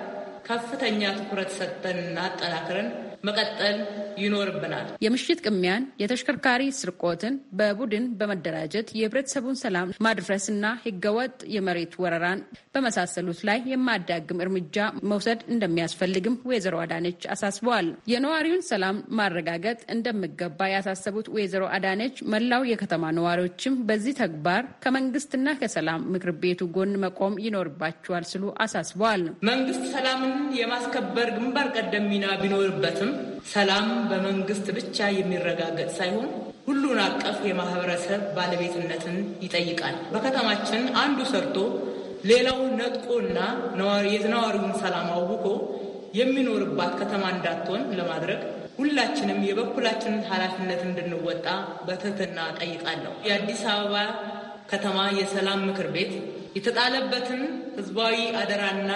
ከፍተኛ ትኩረት ሰጥተንና አጠናክረን መቀጠል ይኖርብናል። የምሽት ቅሚያን፣ የተሽከርካሪ ስርቆትን፣ በቡድን በመደራጀት የህብረተሰቡን ሰላም ማድፍረስና ህገወጥ የመሬት ወረራን በመሳሰሉት ላይ የማዳግም እርምጃ መውሰድ እንደሚያስፈልግም ወይዘሮ አዳነች አሳስበዋል። የነዋሪውን ሰላም ማረጋገጥ እንደሚገባ ያሳሰቡት ወይዘሮ አዳነች መላው የከተማ ነዋሪዎችም በዚህ ተግባር ከመንግስትና ከሰላም ምክር ቤቱ ጎን መቆም ይኖርባቸዋል ሲሉ አሳስበዋል። መንግስት ሰላምን የማስከበር ግንባር ቀደም ሚና ቢኖርበትም ሰላም በመንግስት ብቻ የሚረጋገጥ ሳይሆን ሁሉን አቀፍ የማህበረሰብ ባለቤትነትን ይጠይቃል። በከተማችን አንዱ ሰርቶ ሌላው ነጥቆና የነዋሪውን ሰላም አውኮ የሚኖርባት ከተማ እንዳትሆን ለማድረግ ሁላችንም የበኩላችንን ኃላፊነት እንድንወጣ በትህትና ጠይቃለሁ። የአዲስ አበባ ከተማ የሰላም ምክር ቤት የተጣለበትን ህዝባዊ አደራና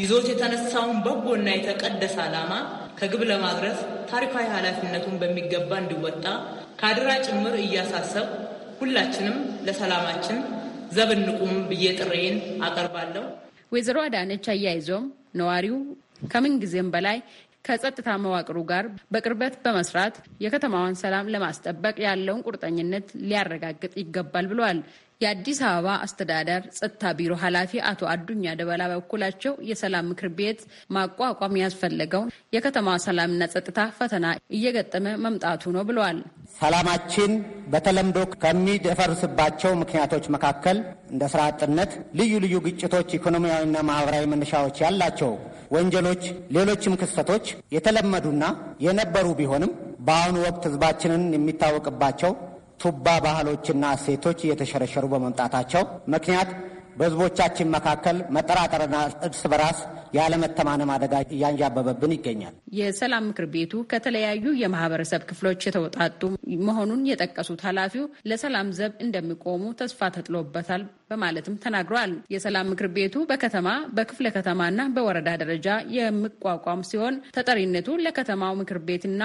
ይዞት የተነሳውን በጎና የተቀደሰ ዓላማ ከግብ ለማድረስ ታሪካዊ ኃላፊነቱን በሚገባ እንዲወጣ ከአድራ ጭምር እያሳሰብ ሁላችንም ለሰላማችን ዘብንቁም ብዬ ጥሬን አቀርባለሁ። ወይዘሮ አዳነች አያይዞም ነዋሪው ከምን ጊዜም በላይ ከጸጥታ መዋቅሩ ጋር በቅርበት በመስራት የከተማዋን ሰላም ለማስጠበቅ ያለውን ቁርጠኝነት ሊያረጋግጥ ይገባል ብለዋል። የአዲስ አበባ አስተዳደር ጸጥታ ቢሮ ኃላፊ አቶ አዱኛ ደበላ በበኩላቸው የሰላም ምክር ቤት ማቋቋም ያስፈለገው የከተማ ሰላምና ጸጥታ ፈተና እየገጠመ መምጣቱ ነው ብለዋል። ሰላማችን በተለምዶ ከሚደፈርስባቸው ምክንያቶች መካከል እንደ ስራ አጥነት፣ ልዩ ልዩ ግጭቶች፣ ኢኮኖሚያዊና ማህበራዊ መነሻዎች ያላቸው ወንጀሎች፣ ሌሎችም ክስተቶች የተለመዱና የነበሩ ቢሆንም በአሁኑ ወቅት ህዝባችንን የሚታወቅባቸው ቱባ ባህሎችና ሴቶች እየተሸረሸሩ በመምጣታቸው ምክንያት በህዝቦቻችን መካከል መጠራጠርና እርስ በራስ ያለመተማመን አደጋ እያንዣበበብን ይገኛል። የሰላም ምክር ቤቱ ከተለያዩ የማህበረሰብ ክፍሎች የተውጣጡ መሆኑን የጠቀሱት ኃላፊው ለሰላም ዘብ እንደሚቆሙ ተስፋ ተጥሎበታል በማለትም ተናግረዋል። የሰላም ምክር ቤቱ በከተማ በክፍለ ከተማና በወረዳ ደረጃ የሚቋቋም ሲሆን ተጠሪነቱ ለከተማው ምክር ቤትና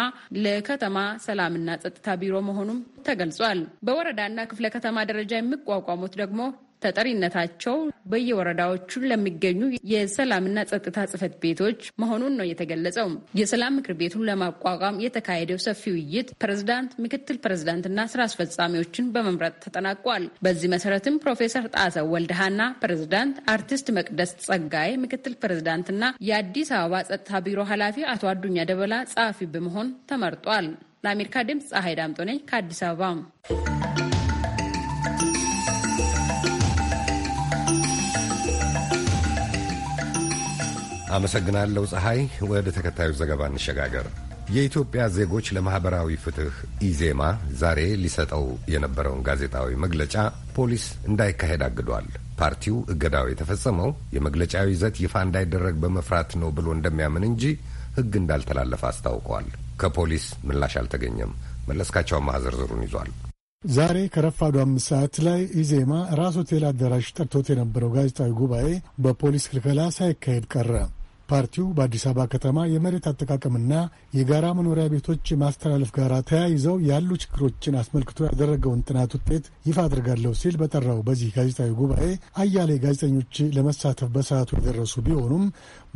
ለከተማ ሰላምና ጸጥታ ቢሮ መሆኑም ተገልጿል። በወረዳና ክፍለ ከተማ ደረጃ የሚቋቋሙት ደግሞ ተጠሪነታቸው በየወረዳዎቹ ለሚገኙ የሰላምና ጸጥታ ጽህፈት ቤቶች መሆኑን ነው የተገለጸው። የሰላም ምክር ቤቱን ለማቋቋም የተካሄደው ሰፊ ውይይት ፕሬዝዳንት፣ ምክትል ፕሬዝዳንትና ስራ አስፈጻሚዎችን በመምረጥ ተጠናቋል። በዚህ መሰረትም ፕሮፌሰር ጣሰው ወልደሃና ፕሬዝዳንት፣ አርቲስት መቅደስ ጸጋይ ምክትል ፕሬዝዳንትና የአዲስ አበባ ጸጥታ ቢሮ ኃላፊ አቶ አዱኛ ደበላ ጸሐፊ በመሆን ተመርጧል። ለአሜሪካ ድምፅ ፀሐይ ዳምጦ ነኝ ከአዲስ አበባ አመሰግናለሁ ፀሐይ። ወደ ተከታዩ ዘገባ እንሸጋገር። የኢትዮጵያ ዜጎች ለማኅበራዊ ፍትሕ ኢዜማ ዛሬ ሊሰጠው የነበረውን ጋዜጣዊ መግለጫ ፖሊስ እንዳይካሄድ አግዷል። ፓርቲው እገዳው የተፈጸመው የመግለጫው ይዘት ይፋ እንዳይደረግ በመፍራት ነው ብሎ እንደሚያምን እንጂ ሕግ እንዳልተላለፈ አስታውቀዋል። ከፖሊስ ምላሽ አልተገኘም። መለስካቸውን ማህዘርዝሩን ይዟል። ዛሬ ከረፋዱ አምስት ሰዓት ላይ ኢዜማ ራስ ሆቴል አዳራሽ ጠርቶት የነበረው ጋዜጣዊ ጉባኤ በፖሊስ ክልከላ ሳይካሄድ ቀረ። ፓርቲው በአዲስ አበባ ከተማ የመሬት አጠቃቀምና የጋራ መኖሪያ ቤቶች ማስተላለፍ ጋር ተያይዘው ያሉ ችግሮችን አስመልክቶ ያደረገውን ጥናት ውጤት ይፋ አድርጋለሁ ሲል በጠራው በዚህ ጋዜጣዊ ጉባኤ አያሌ ጋዜጠኞች ለመሳተፍ በሰዓቱ የደረሱ ቢሆኑም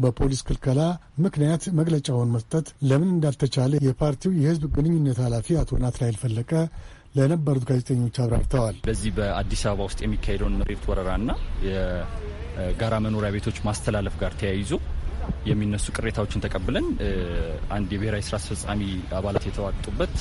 በፖሊስ ክልከላ ምክንያት መግለጫውን መስጠት ለምን እንዳልተቻለ የፓርቲው የሕዝብ ግንኙነት ኃላፊ አቶ ናትናኤል ፈለቀ ለነበሩት ጋዜጠኞች አብራርተዋል። በዚህ በአዲስ አበባ ውስጥ የሚካሄደውን መሬት ወረራና የጋራ መኖሪያ ቤቶች ማስተላለፍ ጋር ተያይዞ የሚነሱ ቅሬታዎችን ተቀብለን አንድ የብሔራዊ ስራ አስፈጻሚ አባላት የተዋጡበት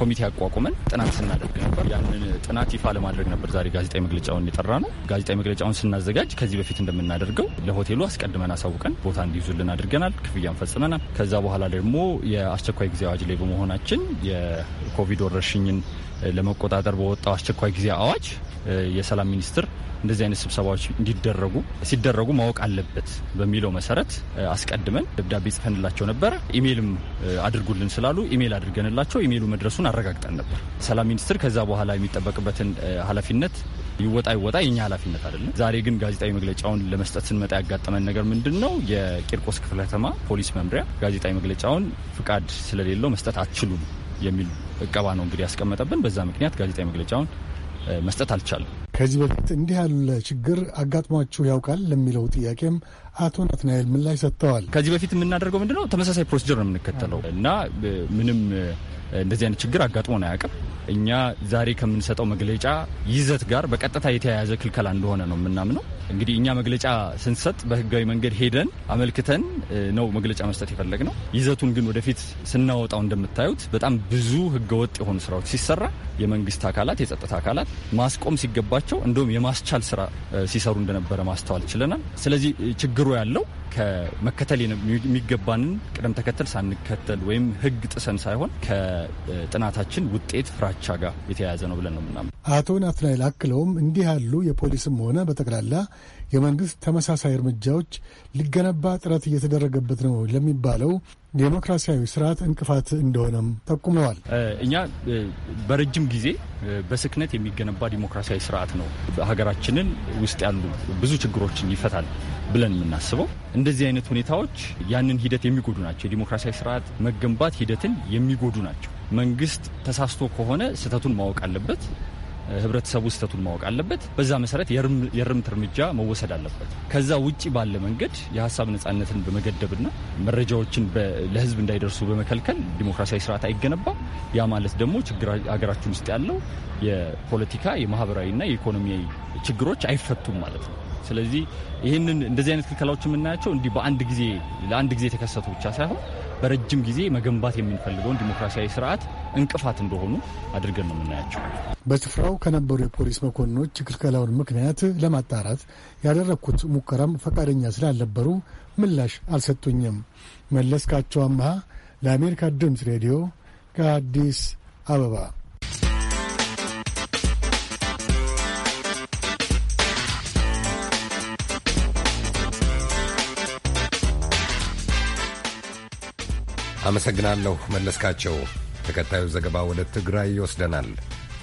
ኮሚቴ አቋቁመን ጥናት ስናደርግ ነበር። ያንን ጥናት ይፋ ለማድረግ ነበር ዛሬ ጋዜጣዊ መግለጫውን የጠራ ነው። ጋዜጣዊ መግለጫውን ስናዘጋጅ ከዚህ በፊት እንደምናደርገው ለሆቴሉ አስቀድመን አሳውቀን ቦታ እንዲይዙልን አድርገናል። ክፍያን ፈጽመናል። ከዛ በኋላ ደግሞ የአስቸኳይ ጊዜ አዋጅ ላይ በመሆናችን የኮቪድ ወረርሽኝን ለመቆጣጠር በወጣው አስቸኳይ ጊዜ አዋጅ የሰላም ሚኒስትር እንደዚህ አይነት ስብሰባዎች እንዲደረጉ ሲደረጉ ማወቅ አለበት በሚለው መሰረት አስቀድመን ደብዳቤ ጽፈንላቸው ነበረ። ኢሜይልም አድርጉልን ስላሉ ኢሜይል አድርገንላቸው ኢሜይሉ መድረሱን አረጋግጠን ነበር። ሰላም ሚኒስትር ከዛ በኋላ የሚጠበቅበትን ኃላፊነት ይወጣ ይወጣ የኛ ኃላፊነት አይደለም። ዛሬ ግን ጋዜጣዊ መግለጫውን ለመስጠት ስንመጣ ያጋጠመን ነገር ምንድን ነው? የቂርቆስ ክፍለ ከተማ ፖሊስ መምሪያ ጋዜጣዊ መግለጫውን ፍቃድ ስለሌለው መስጠት አትችሉም የሚል እቀባ ነው እንግዲህ ያስቀመጠብን። በዛ ምክንያት ጋዜጣዊ መግለጫውን መስጠት አልቻለም። ከዚህ በፊት እንዲህ ያለ ችግር አጋጥሟችሁ ያውቃል ለሚለው ጥያቄም አቶ ናትናኤል ምላሽ ሰጥተዋል። ከዚህ በፊት የምናደርገው ምንድነው? ተመሳሳይ ፕሮሲጀር ነው የምንከተለው እና ምንም እንደዚህ አይነት ችግር አጋጥሞን አያውቅም። እኛ ዛሬ ከምንሰጠው መግለጫ ይዘት ጋር በቀጥታ የተያያዘ ክልከላ እንደሆነ ነው የምናምነው። እንግዲህ እኛ መግለጫ ስንሰጥ በህጋዊ መንገድ ሄደን አመልክተን ነው መግለጫ መስጠት የፈለግ ነው። ይዘቱን ግን ወደፊት ስናወጣው እንደምታዩት በጣም ብዙ ህገወጥ የሆኑ ስራዎች ሲሰራ የመንግስት አካላት የጸጥታ አካላት ማስቆም ሲገባቸው እንደውም የማስቻል ስራ ሲሰሩ እንደነበረ ማስተዋል ችለናል። ስለዚህ ችግሩ ያለው ከመከተል የሚገባንን ቅደም ተከተል ሳንከተል ወይም ህግ ጥሰን ሳይሆን ከጥናታችን ውጤት ፍራቻ ጋር የተያያዘ ነው ብለን ነው ምናም አቶ ናትናኤል አክለውም እንዲህ ያሉ የፖሊስም ሆነ በጠቅላላ የመንግስት ተመሳሳይ እርምጃዎች ሊገነባ ጥረት እየተደረገበት ነው ለሚባለው ዴሞክራሲያዊ ስርዓት እንቅፋት እንደሆነም ጠቁመዋል። እኛ በረጅም ጊዜ በስክነት የሚገነባ ዲሞክራሲያዊ ስርዓት ነው ሀገራችንን ውስጥ ያሉ ብዙ ችግሮችን ይፈታል ብለን የምናስበው እንደዚህ አይነት ሁኔታዎች ያንን ሂደት የሚጎዱ ናቸው። የዲሞክራሲያዊ ስርዓት መገንባት ሂደትን የሚጎዱ ናቸው። መንግስት ተሳስቶ ከሆነ ስህተቱን ማወቅ አለበት። ህብረተሰቡ ስህተቱን ማወቅ አለበት። በዛ መሰረት የእርምት እርምጃ መወሰድ አለበት። ከዛ ውጭ ባለ መንገድ የሀሳብ ነጻነትን በመገደብና መረጃዎችን ለህዝብ እንዳይደርሱ በመከልከል ዲሞክራሲያዊ ስርዓት አይገነባም። ያ ማለት ደግሞ ሀገራችን ውስጥ ያለው የፖለቲካ የማህበራዊና የኢኮኖሚያዊ ችግሮች አይፈቱም ማለት ነው። ስለዚህ ይህንን እንደዚህ አይነት ክልከላዎች የምናያቸው እንዲህ በአንድ ጊዜ ለአንድ ጊዜ የተከሰቱ ብቻ ሳይሆን በረጅም ጊዜ መገንባት የምንፈልገውን ዲሞክራሲያዊ ስርዓት እንቅፋት እንደሆኑ አድርገን ነው የምናያቸው። በስፍራው ከነበሩ የፖሊስ መኮንኖች ክልከላውን ምክንያት ለማጣራት ያደረግኩት ሙከራም ፈቃደኛ ስላልነበሩ ምላሽ አልሰጡኝም። መለስካቸው አምሃ ለአሜሪካ ድምፅ ሬዲዮ ከአዲስ አበባ አመሰግናለሁ መለስካቸው። ተከታዩ ዘገባ ወደ ትግራይ ይወስደናል።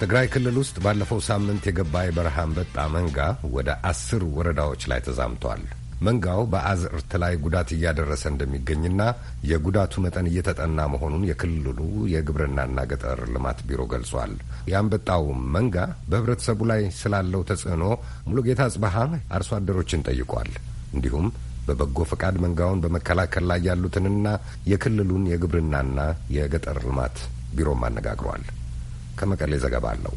ትግራይ ክልል ውስጥ ባለፈው ሳምንት የገባ የበረሃ አንበጣ መንጋ ወደ አስር ወረዳዎች ላይ ተዛምቷል። መንጋው በአዝዕርት ላይ ጉዳት እያደረሰ እንደሚገኝና የጉዳቱ መጠን እየተጠና መሆኑን የክልሉ የግብርናና ገጠር ልማት ቢሮ ገልጿል። የአንበጣው መንጋ በህብረተሰቡ ላይ ስላለው ተጽዕኖ ሙሉጌታ ጽበሃ አርሶ አደሮችን ጠይቋል። እንዲሁም በበጎ ፈቃድ መንጋውን በመከላከል ላይ ያሉትንና የክልሉን የግብርናና የገጠር ልማት ቢሮም አነጋግሯል። ከመቀሌ ዘገባ አለው።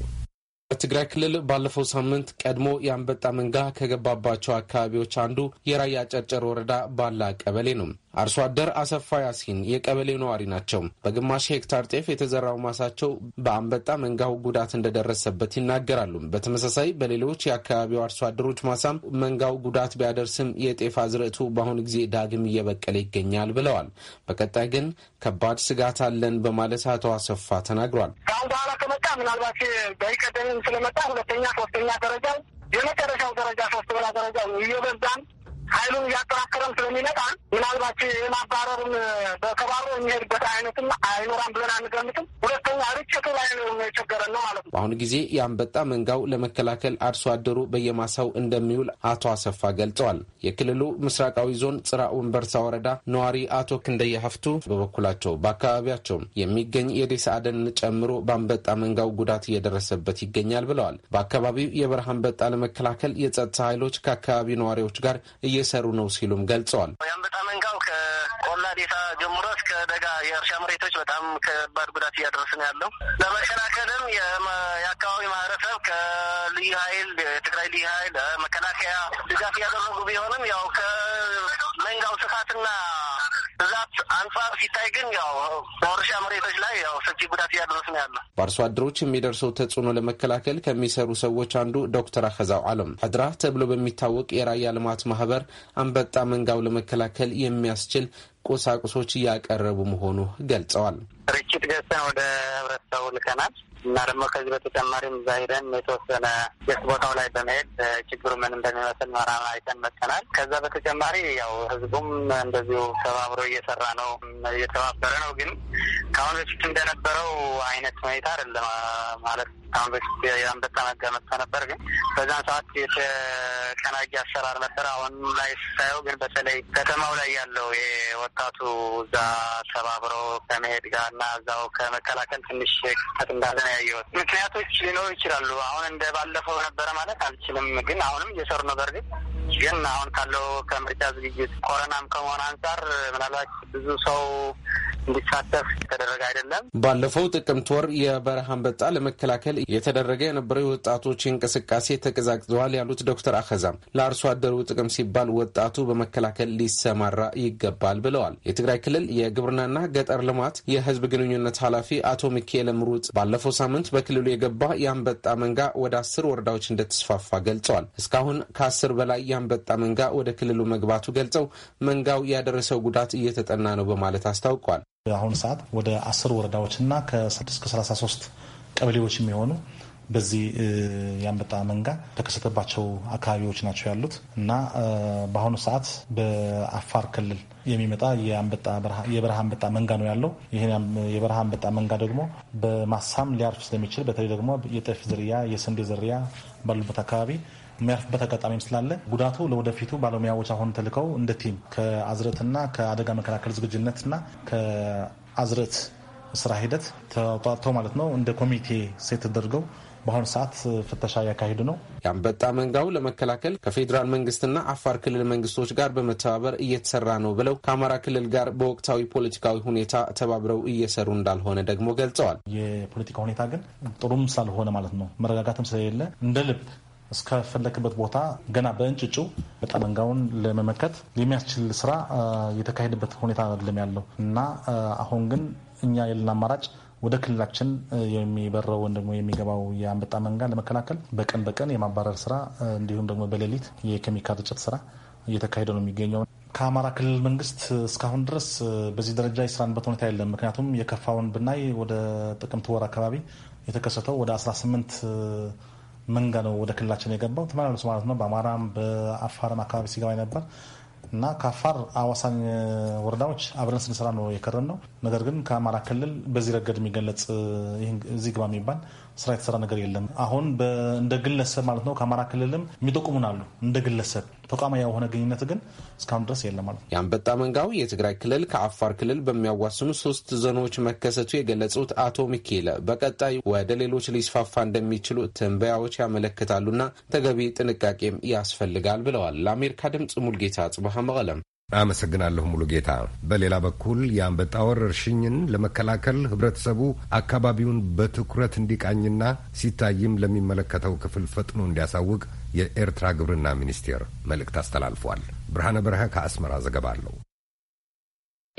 በትግራይ ክልል ባለፈው ሳምንት ቀድሞ የአንበጣ መንጋ ከገባባቸው አካባቢዎች አንዱ የራያ ጨርጨር ወረዳ ባላ ቀበሌ ነው። አርሶ አደር አሰፋ ያሲን የቀበሌ ነዋሪ ናቸው። በግማሽ ሄክታር ጤፍ የተዘራው ማሳቸው በአንበጣ መንጋው ጉዳት እንደደረሰበት ይናገራሉ። በተመሳሳይ በሌሎች የአካባቢው አርሶ አደሮች ማሳም መንጋው ጉዳት ቢያደርስም የጤፍ አዝርዕቱ በአሁኑ ጊዜ ዳግም እየበቀለ ይገኛል ብለዋል። በቀጣይ ግን ከባድ ስጋት አለን በማለት አቶ አሰፋ ተናግሯል። ከአሁን በኋላ ከመጣ ምናልባት በይቀደምም ስለመጣ ሁለተኛ ሶስተኛ ደረጃ የመጨረሻው ደረጃ ብላ ደረጃ እየበዛን ኃይሉን እያጠናከረም ስለሚመጣ ምናልባት የማባረሩን በከባሮ የሚሄድበት አይነትም አይኖራም ብለን አንገምትም። ሁለተኛ ርጭቱ ላይ ነው የቸገረን ነው ማለት ነው። በአሁኑ ጊዜ የአንበጣ መንጋው ለመከላከል አርሶ አደሩ በየማሳው እንደሚውል አቶ አሰፋ ገልጸዋል። የክልሉ ምስራቃዊ ዞን ጽራ ወንበርሳ ወረዳ ነዋሪ አቶ ክንደየ ሀፍቱ በበኩላቸው በአካባቢያቸው የሚገኝ የዴስ አደን ጨምሮ በአንበጣ መንጋው ጉዳት እየደረሰበት ይገኛል ብለዋል። በአካባቢው የበረሃ አንበጣ ለመከላከል የጸጥታ ኃይሎች ከአካባቢው ነዋሪዎች ጋር እየሰሩ ነው ሲሉም ገልጸዋል። የአንበጣ መንጋው ከቆላ ዴታ ጀምሮ እስከ ደጋ የእርሻ መሬቶች በጣም ከባድ ጉዳት እያደረስን ያለው። ለመከላከልም የአካባቢ ማህበረሰብ ከልዩ ኃይል የትግራይ ልዩ ኃይል መከላከያ ድጋፍ እያደረጉ ቢሆንም ያው ከመንጋው ስፋትና ብዛት አንጻር ሲታይ ግን ያው በእርሻ መሬቶች ላይ ያው ሰፊ ጉዳት እያደረስ ነው ያለ። በአርሶ አደሮች የሚደርሰው ተጽዕኖ ለመከላከል ከሚሰሩ ሰዎች አንዱ ዶክተር አኸዛው አለም ሀድራ ተብሎ በሚታወቅ የራያ ልማት ማህበር አንበጣ መንጋው ለመከላከል የሚያስችል ቁሳቁሶች እያቀረቡ መሆኑ ገልጸዋል። ርችት ገዝተን ወደ ህብረተሰቡ ልከናል። እና ደግሞ ከዚህ በተጨማሪም እዛ ሄደን የተወሰነ የት ቦታው ላይ በመሄድ ችግሩ ምን እንደሚመስል መራማ አይተን መጥተናል። ከዛ በተጨማሪ ያው ህዝቡም እንደዚሁ ተባብሮ እየሰራ ነው፣ እየተባበረ ነው። ግን ከአሁን በፊት እንደነበረው አይነት ሁኔታ አይደለም ማለት ከአሁን በፊት የአንበጣ መጋ መጥቶ ነበር፣ ግን በዛን ሰዓት የተቀናጀ አሰራር ነበር። አሁን ላይ ስታየው ግን በተለይ ከተማው ላይ ያለው የወጣቱ እዛ ተባብሮ ከመሄድ ጋር እና እዛው ከመከላከል ትንሽ ክፍተት እንዳለ ነው ያየሁት። ምክንያቶች ሊኖሩ ይችላሉ። አሁን እንደ ባለፈው ነበረ ማለት አልችልም፣ ግን አሁንም እየሰሩ ነው። በእርግጥ ግን አሁን ካለው ከምርጫ ዝግጅት ኮረናም ከመሆን አንጻር ምናልባት ብዙ ሰው እንዲሳተፍ የተደረገ አይደለም። ባለፈው ጥቅምት ወር የበረሃ አንበጣ ለመከላከል የተደረገ የነበረው የወጣቶች እንቅስቃሴ ተቀዛቅዘዋል ያሉት ዶክተር አኸዛም ለአርሶ አደሩ ጥቅም ሲባል ወጣቱ በመከላከል ሊሰማራ ይገባል ብለዋል። የትግራይ ክልል የግብርናና ገጠር ልማት የህዝብ ግንኙነት ኃላፊ አቶ ሚካኤል ምሩጥ ባለፈው ሳምንት በክልሉ የገባ የአንበጣ መንጋ ወደ አስር ወረዳዎች እንደተስፋፋ ገልጸዋል። እስካሁን ከአስር በላይ የአንበጣ መንጋ ወደ ክልሉ መግባቱ ገልጸው መንጋው ያደረሰው ጉዳት እየተጠና ነው በማለት አስታውቋል። በአሁኑ ሰዓት ወደ አስር እና ከ6 እስከ 33 ቀበሌዎች የሚሆኑ በዚህ የአንበጣ መንጋ ተከሰተባቸው አካባቢዎች ናቸው ያሉት እና በአሁኑ ሰዓት በአፋር ክልል የሚመጣ የበረሃ አንበጣ መንጋ ነው ያለው። ይህ የበረሃ አንበጣ መንጋ ደግሞ በማሳም ሊያርፍ ስለሚችል በተለይ ደግሞ የጤፍ ዝርያ፣ የስንዴ ዝርያ ባሉበት አካባቢ የሚያርፍበት አጋጣሚም ስላለ ጉዳቱ ለወደፊቱ ባለሙያዎች አሁን ተልከው እንደ ቲም ከአዝረትና ከአደጋ መከላከል ዝግጁነትና ከአዝረት ስራ ሂደት ተጧጥተው ማለት ነው እንደ ኮሚቴ ሴት ተደርገው በአሁኑ ሰዓት ፍተሻ እያካሄዱ ነው። የአንበጣ መንጋው ለመከላከል ከፌዴራል መንግስትና አፋር ክልል መንግስቶች ጋር በመተባበር እየተሰራ ነው ብለው ከአማራ ክልል ጋር በወቅታዊ ፖለቲካዊ ሁኔታ ተባብረው እየሰሩ እንዳልሆነ ደግሞ ገልጸዋል። የፖለቲካ ሁኔታ ግን ጥሩም ስላልሆነ ማለት ነው መረጋጋትም ስለሌለ እንደ ልብ እስከፈለክበት ቦታ ገና በእንጭጩ ጠመንጋውን ለመመከት የሚያስችል ስራ የተካሄደበት ሁኔታ አይደለም ያለው እና አሁን ግን እኛ የልን አማራጭ ወደ ክልላችን የሚበረው ወይም ደግሞ የሚገባው የአንበጣ መንጋ ለመከላከል በቀን በቀን የማባረር ስራ እንዲሁም ደግሞ በሌሊት የኬሚካል ርጭት ስራ እየተካሄደ ነው የሚገኘው። ከአማራ ክልል መንግስት እስካሁን ድረስ በዚህ ደረጃ የስራንበት ሁኔታ የለም። ምክንያቱም የከፋውን ብናይ ወደ ጥቅምት ወር አካባቢ የተከሰተው ወደ 18 መንጋ ነው ወደ ክልላችን የገባው ተመላለሱ ማለት ነው። በአማራም በአፋርም አካባቢ ሲገባ ነበር እና ከአፋር አዋሳኝ ወረዳዎች አብረን ስንሰራ ነው የከረን ነው። ነገር ግን ከአማራ ክልል በዚህ ረገድ የሚገለጽ እዚህ ግባ የሚባል ስራ የተሰራ ነገር የለም። አሁን እንደ ግለሰብ ማለት ነው ከአማራ ክልልም የሚጠቁሙን አሉ። እንደ ግለሰብ ተቋማ የሆነ ግንኙነት ግን እስካሁን ድረስ የለም ማለት ነው። የአንበጣ መንጋው የትግራይ ክልል ከአፋር ክልል በሚያዋስኑ ሶስት ዞኖች መከሰቱ የገለጹት አቶ ሚኬለ በቀጣይ ወደ ሌሎች ሊስፋፋ እንደሚችሉ ትንበያዎች ያመለክታሉና ተገቢ ጥንቃቄም ያስፈልጋል ብለዋል። ለአሜሪካ ድምፅ ሙልጌታ ጽብሃ መቀለም አመሰግናለሁ ሙሉ ጌታ። በሌላ በኩል የአንበጣ ወረርሽኝን ለመከላከል ህብረተሰቡ አካባቢውን በትኩረት እንዲቃኝና ሲታይም ለሚመለከተው ክፍል ፈጥኖ እንዲያሳውቅ የኤርትራ ግብርና ሚኒስቴር መልእክት አስተላልፏል። ብርሃነ በረሀ ከአስመራ ዘገባ አለው።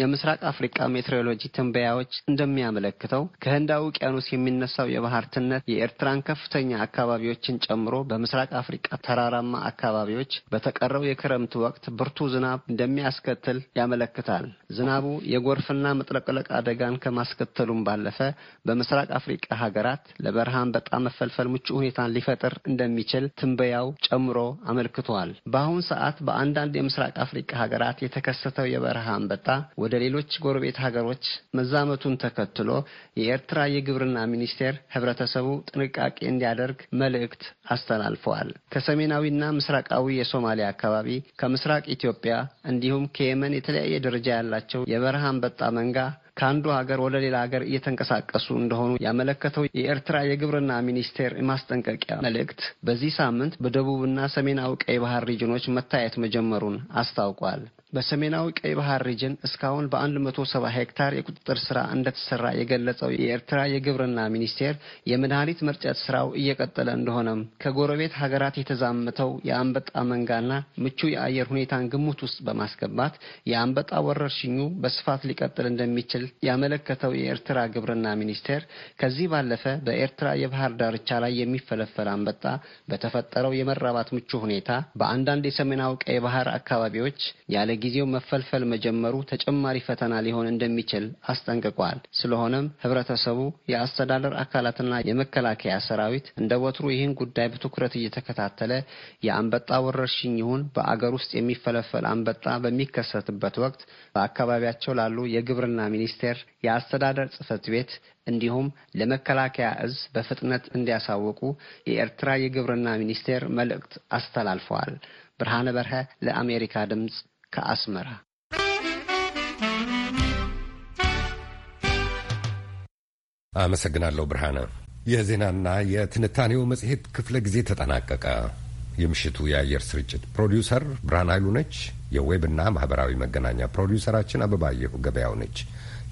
የምስራቅ አፍሪካ ሜትሮሎጂ ትንበያዎች እንደሚያመለክተው ከህንዳ ውቅያኖስ የሚነሳው የባህር ትነት የኤርትራን ከፍተኛ አካባቢዎችን ጨምሮ በምስራቅ አፍሪካ ተራራማ አካባቢዎች በተቀረው የክረምት ወቅት ብርቱ ዝናብ እንደሚያስከትል ያመለክታል። ዝናቡ የጎርፍና መጥለቅለቅ አደጋን ከማስከተሉም ባለፈ በምስራቅ አፍሪካ ሀገራት ለበረሃን በጣም መፈልፈል ምቹ ሁኔታን ሊፈጥር እንደሚችል ትንበያው ጨምሮ አመልክቷል። በአሁን ሰዓት በአንዳንድ የምስራቅ አፍሪካ ሀገራት የተከሰተው የበረሃ አንበጣ ወደ ሌሎች ጎረቤት ሀገሮች መዛመቱን ተከትሎ የኤርትራ የግብርና ሚኒስቴር ህብረተሰቡ ጥንቃቄ እንዲያደርግ መልእክት አስተላልፈዋል። ከሰሜናዊና ምስራቃዊ የሶማሊያ አካባቢ ከምስራቅ ኢትዮጵያ እንዲሁም ከየመን የተለያየ ደረጃ ያላቸው የበረሃ አንበጣ መንጋ ከአንዱ ሀገር ወደ ሌላ ሀገር እየተንቀሳቀሱ እንደሆኑ ያመለከተው የኤርትራ የግብርና ሚኒስቴር የማስጠንቀቂያ መልእክት በዚህ ሳምንት በደቡብና ሰሜናዊ ቀይ ባህር ሪጅኖች መታየት መጀመሩን አስታውቋል። በሰሜናዊ ቀይ ባህር ሪጅን እስካሁን በ170 ሄክታር የቁጥጥር ስራ እንደተሰራ የገለጸው የኤርትራ የግብርና ሚኒስቴር የመድኃኒት መርጨት ስራው እየቀጠለ እንደሆነም ከጎረቤት ሀገራት የተዛመተው የአንበጣ መንጋና ምቹ የአየር ሁኔታን ግምት ውስጥ በማስገባት የአንበጣ ወረርሽኙ በስፋት ሊቀጥል እንደሚችል ያመለከተው የኤርትራ ግብርና ሚኒስቴር ከዚህ ባለፈ በኤርትራ የባህር ዳርቻ ላይ የሚፈለፈል አንበጣ በተፈጠረው የመራባት ምቹ ሁኔታ በአንዳንድ የሰሜናዊ ቀይ ባህር አካባቢዎች ያለ በጊዜው መፈልፈል መጀመሩ ተጨማሪ ፈተና ሊሆን እንደሚችል አስጠንቅቋል። ስለሆነም ህብረተሰቡ፣ የአስተዳደር አካላትና የመከላከያ ሰራዊት እንደ ወትሩ ይህን ጉዳይ በትኩረት እየተከታተለ የአንበጣ ወረርሽኝ ይሁን በአገር ውስጥ የሚፈለፈል አንበጣ በሚከሰትበት ወቅት በአካባቢያቸው ላሉ የግብርና ሚኒስቴር፣ የአስተዳደር ጽህፈት ቤት እንዲሁም ለመከላከያ እዝ በፍጥነት እንዲያሳውቁ የኤርትራ የግብርና ሚኒስቴር መልእክት አስተላልፈዋል። ብርሃነ በርሀ ለአሜሪካ ድምፅ ከአስመራ አመሰግናለሁ ብርሃነ። የዜናና የትንታኔው መጽሔት ክፍለ ጊዜ ተጠናቀቀ። የምሽቱ የአየር ስርጭት ፕሮዲውሰር ብርሃን ኃይሉ ነች። የዌብና ማኅበራዊ መገናኛ ፕሮዲውሰራችን አበባየሁ ገበያው ነች።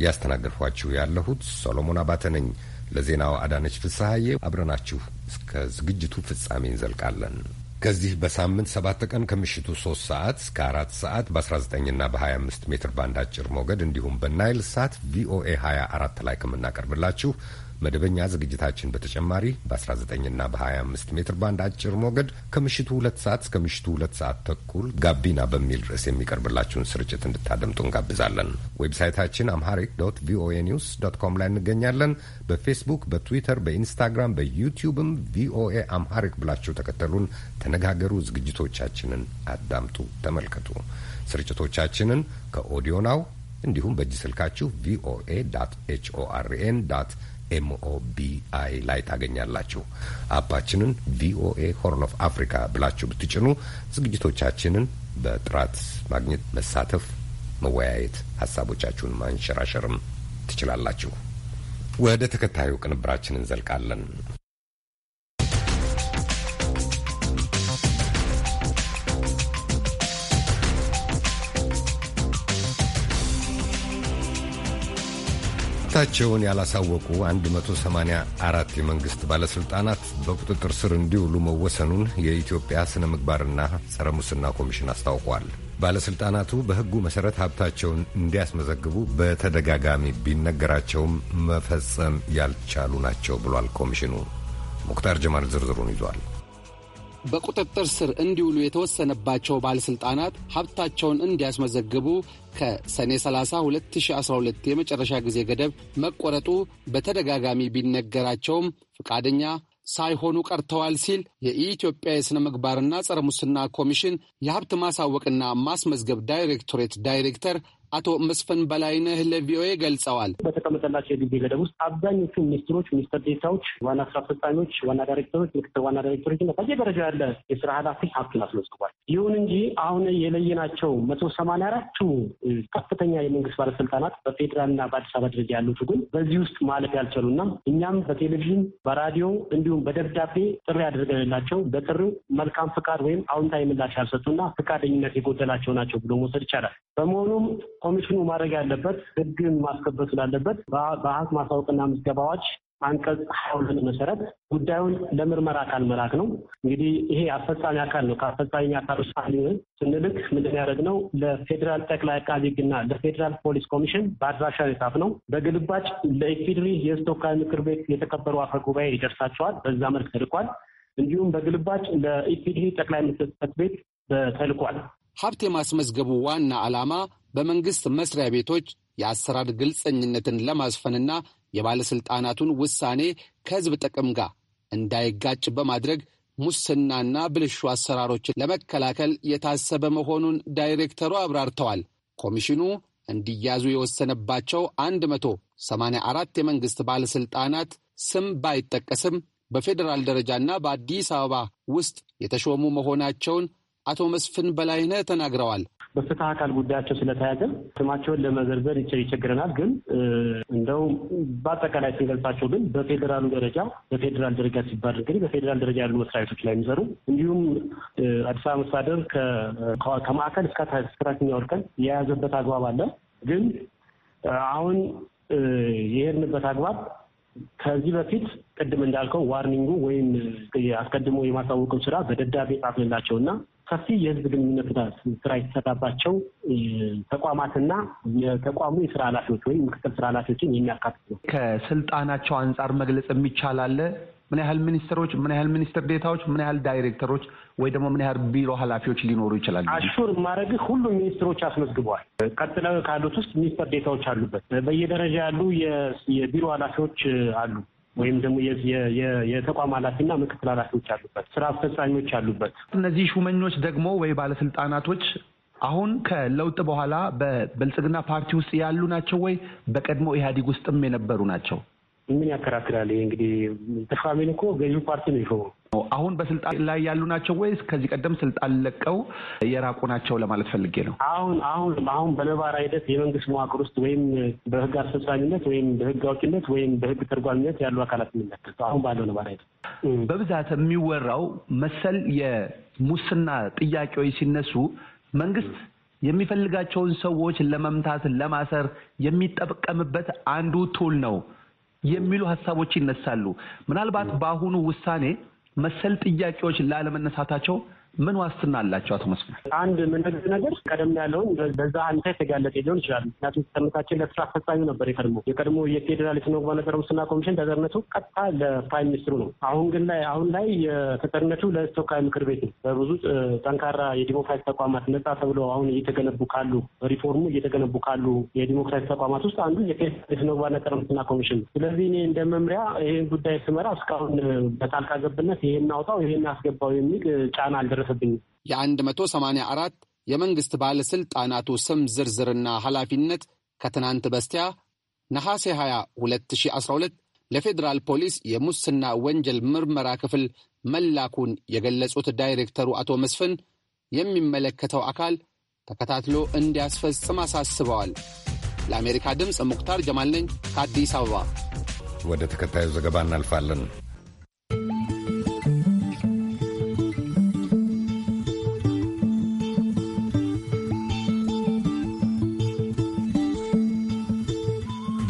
ያስተናገድኋችሁ ያለሁት ሶሎሞን አባተ ነኝ። ለዜናው አዳነች ፍስሐዬ አብረናችሁ እስከ ዝግጅቱ ፍጻሜ እንዘልቃለን። ከዚህ በሳምንት ሰባት ቀን ከምሽቱ ሶስት ሰዓት እስከ አራት ሰዓት በ19 ና በ25 ሜትር ባንድ አጭር ሞገድ እንዲሁም በናይል ሳት ቪኦኤ 24 ላይ ከምናቀርብላችሁ መደበኛ ዝግጅታችን በተጨማሪ በ19ና በ25 ሜትር ባንድ አጭር ሞገድ ከምሽቱ ሁለት ሰዓት እስከ ምሽቱ ሁለት ሰዓት ተኩል ጋቢና በሚል ርዕስ የሚቀርብላችሁን ስርጭት እንድታደምጡ እንጋብዛለን። ዌብሳይታችን አምሃሪክ ዶት ቪኦኤ ኒውስ ዶት ኮም ላይ እንገኛለን። በፌስቡክ፣ በትዊተር፣ በኢንስታግራም፣ በዩቲዩብም ቪኦኤ አምሃሪክ ብላችሁ ተከተሉን፣ ተነጋገሩ፣ ዝግጅቶቻችንን አዳምጡ፣ ተመልከቱ። ስርጭቶቻችንን ከኦዲዮ ናው እንዲሁም በእጅ ስልካችሁ ቪኦኤ ዶት ኤችኦአርኤን ኤምኦቢአይ ላይ ታገኛላችሁ። አፓችንን ቪኦኤ ሆርን ኦፍ አፍሪካ ብላችሁ ብትጭኑ ዝግጅቶቻችንን በጥራት ማግኘት፣ መሳተፍ፣ መወያየት፣ ሀሳቦቻችሁን ማንሸራሸርም ትችላላችሁ። ወደ ተከታዩ ቅንብራችን እንዘልቃለን። ማንነታቸውን ያላሳወቁ 184 የመንግሥት ባለሥልጣናት በቁጥጥር ስር እንዲውሉ መወሰኑን የኢትዮጵያ ሥነ ምግባርና ጸረ ሙስና ኮሚሽን አስታውቋል። ባለሥልጣናቱ በሕጉ መሠረት ሀብታቸውን እንዲያስመዘግቡ በተደጋጋሚ ቢነገራቸውም መፈጸም ያልቻሉ ናቸው ብሏል ኮሚሽኑ። ሙክታር ጀማል ዝርዝሩን ይዟል። በቁጥጥር ስር እንዲውሉ የተወሰነባቸው ባለሥልጣናት ሀብታቸውን እንዲያስመዘግቡ ከሰኔ 30 2012 የመጨረሻ ጊዜ ገደብ መቆረጡ በተደጋጋሚ ቢነገራቸውም ፈቃደኛ ሳይሆኑ ቀርተዋል ሲል የኢትዮጵያ የሥነ ምግባርና ጸረ ሙስና ኮሚሽን የሀብት ማሳወቅና ማስመዝገብ ዳይሬክቶሬት ዳይሬክተር አቶ መስፍን በላይነህ ለቪኦኤ ገልጸዋል። በተቀመጠላቸው የጊዜ ገደብ ውስጥ አብዛኞቹ ሚኒስትሮች፣ ሚኒስትር ዴታዎች፣ ዋና ስራ አስፈጻሚዎች፣ ዋና ዳይሬክተሮች፣ ምክትል ዋና ዳይሬክተሮች እና በየደረጃ ያለ የስራ ኃላፊ ሀብትን አስመዝግቧል። ይሁን እንጂ አሁን የለየናቸው መቶ ሰማንያ አራቱ ከፍተኛ የመንግስት ባለስልጣናት በፌዴራልና በአዲስ አበባ ደረጃ ያሉት ግን በዚህ ውስጥ ማለፍ ያልቻሉና እኛም በቴሌቪዥን በራዲዮ እንዲሁም በደብዳቤ ጥሪ አድርገንላቸው በጥሪው መልካም ፍቃድ ወይም አዎንታዊ ምላሽ ያልሰጡና ፍቃደኝነት የጎደላቸው ናቸው ብሎ መውሰድ ይቻላል። በመሆኑም ኮሚሽኑ ማድረግ ያለበት ህግን ማስከበር ስላለበት በአት ማስታወቅና ምዝገባዎች አንቀጽ ሀያ ሁለት መሰረት ጉዳዩን ለምርመራ አካል መላክ ነው። እንግዲህ ይሄ አስፈጻሚ አካል ነው። ከአስፈጻሚ አካል ውስጥ አንዱ ስንልክ ምንድን ያደረግ ነው? ለፌዴራል ጠቅላይ አቃቢ ህግና ለፌዴራል ፖሊስ ኮሚሽን በአድራሻ የጻፍ ነው። በግልባጭ ለኢፌድሪ የሕዝብ ተወካዮች ምክር ቤት የተከበሩ አፈ ጉባኤ ይደርሳቸዋል። በዛ መልክ ተልኳል። እንዲሁም በግልባጭ ለኢፌድሪ ጠቅላይ ምክር ጽሕፈት ቤት ተልኳል። ሀብት የማስመዝገቡ ዋና ዓላማ በመንግሥት መስሪያ ቤቶች የአሰራር ግልጸኝነትን ለማስፈንና የባለሥልጣናቱን ውሳኔ ከሕዝብ ጥቅም ጋር እንዳይጋጭ በማድረግ ሙስናና ብልሹ አሰራሮችን ለመከላከል የታሰበ መሆኑን ዳይሬክተሩ አብራርተዋል። ኮሚሽኑ እንዲያዙ የወሰነባቸው 184 የመንግሥት ባለሥልጣናት ስም ባይጠቀስም በፌዴራል ደረጃና በአዲስ አበባ ውስጥ የተሾሙ መሆናቸውን አቶ መስፍን በላይነ ተናግረዋል። በፍትህ አካል ጉዳያቸው ስለተያዘ ስማቸውን ለመዘርዘር ይቸግረናል። ግን እንደው በአጠቃላይ ስንገልጻቸው ግን በፌዴራሉ ደረጃ በፌዴራል ደረጃ ሲባል እንግዲህ በፌዴራል ደረጃ ያሉ መስሪያ ቤቶች ላይ የሚሰሩ እንዲሁም አዲስ አበባ መስተዳደር ከማዕከል እስከ ታችኛ የያዘበት አግባብ አለ። ግን አሁን የሄድንበት አግባብ ከዚህ በፊት ቅድም እንዳልከው ዋርኒንጉ ወይም አስቀድሞ የማሳወቀው ስራ በደብዳቤ ጻፍንላቸው እና ሰፊ የህዝብ ግንኙነት ስራ የተሰራባቸው ተቋማትና የተቋሙ የስራ ኃላፊዎች ወይም ምክትል ስራ ኃላፊዎችን የሚያካትት ነው። ከስልጣናቸው አንጻር መግለጽ የሚቻል አለ። ምን ያህል ሚኒስትሮች፣ ምን ያህል ሚኒስትር ዴታዎች፣ ምን ያህል ዳይሬክተሮች ወይ ደግሞ ምን ያህል ቢሮ ኃላፊዎች ሊኖሩ ይችላል? አሹር ማድረግ ሁሉም ሚኒስትሮች አስመዝግበዋል። ቀጥለው ካሉት ውስጥ ሚኒስትር ዴታዎች አሉበት። በየደረጃ ያሉ የቢሮ ኃላፊዎች አሉ። ወይም ደግሞ የተቋም ኃላፊና ምክትል ኃላፊዎች አሉበት፣ ስራ አስፈጻሚዎች አሉበት። እነዚህ ሹመኞች ደግሞ ወይ ባለስልጣናቶች አሁን ከለውጥ በኋላ በብልጽግና ፓርቲ ውስጥ ያሉ ናቸው ወይ በቀድሞ ኢህአዴግ ውስጥም የነበሩ ናቸው? ምን ያከራክራል? ይሄ እንግዲህ ተሿሚን እኮ ገዢው ፓርቲ ነው የሾመው። አሁን በስልጣን ላይ ያሉ ናቸው ወይስ ከዚህ ቀደም ስልጣን ለቀው የራቁ ናቸው ለማለት ፈልጌ ነው። አሁን አሁን አሁን በነባራ ሂደት የመንግስት መዋቅር ውስጥ ወይም በህግ አስፈጻሚነት ወይም በህግ አውጭነት ወይም በህግ ተርጓሚነት ያሉ አካላት የሚመለከቱ አሁን ባለው ነባራ ሂደት በብዛት የሚወራው መሰል የሙስና ጥያቄዎች ሲነሱ መንግስት የሚፈልጋቸውን ሰዎች ለመምታት ለማሰር የሚጠቀምበት አንዱ ቱል ነው የሚሉ ሀሳቦች ይነሳሉ። ምናልባት በአሁኑ ውሳኔ መሰል ጥያቄዎች ላለመነሳታቸው ምን ዋስትና አላቸው? አቶ መስፍን፣ አንድ ምንድን ነገር ቀደም ያለውን በዛ አንተ የተጋለጠ ሊሆን ይችላል። ምክንያቱም ሰምታችን ለስራ አስፈጻሚ ነበር የቀድሞ የቀድሞ የፌዴራል የተመግባነ ጸረ ሙስና ኮሚሽን ተጠርነቱ ቀጥታ ለፕራይም ሚኒስትሩ ነው። አሁን ግን ላይ አሁን ላይ የተጠርነቱ ለተወካይ ምክር ቤት ነው። በብዙ ጠንካራ የዲሞክራሲ ተቋማት ነጻ ተብሎ አሁን እየተገነቡ ካሉ ሪፎርሙ እየተገነቡ ካሉ የዲሞክራሲ ተቋማት ውስጥ አንዱ የፌዴራል የተመግባነ ጸረ ሙስና ኮሚሽን ነው። ስለዚህ እኔ እንደ መምሪያ ይህን ጉዳይ ስመራ እስካሁን በጣልቃ ገብነት ይሄን አውጣው ይሄን አስገባው የሚል ጫና አልደረሰ አይደረስብኝም። የአንድ መቶ ሰማንያ አራት የመንግስት ባለሥልጣናቱ ስም ዝርዝርና ኃላፊነት ከትናንት በስቲያ ነሐሴ 20 2012 ለፌዴራል ፖሊስ የሙስና ወንጀል ምርመራ ክፍል መላኩን የገለጹት ዳይሬክተሩ አቶ መስፍን የሚመለከተው አካል ተከታትሎ እንዲያስፈጽም አሳስበዋል። ለአሜሪካ ድምፅ ሙክታር ጀማል ነኝ ከአዲስ አበባ። ወደ ተከታዩ ዘገባ እናልፋለን።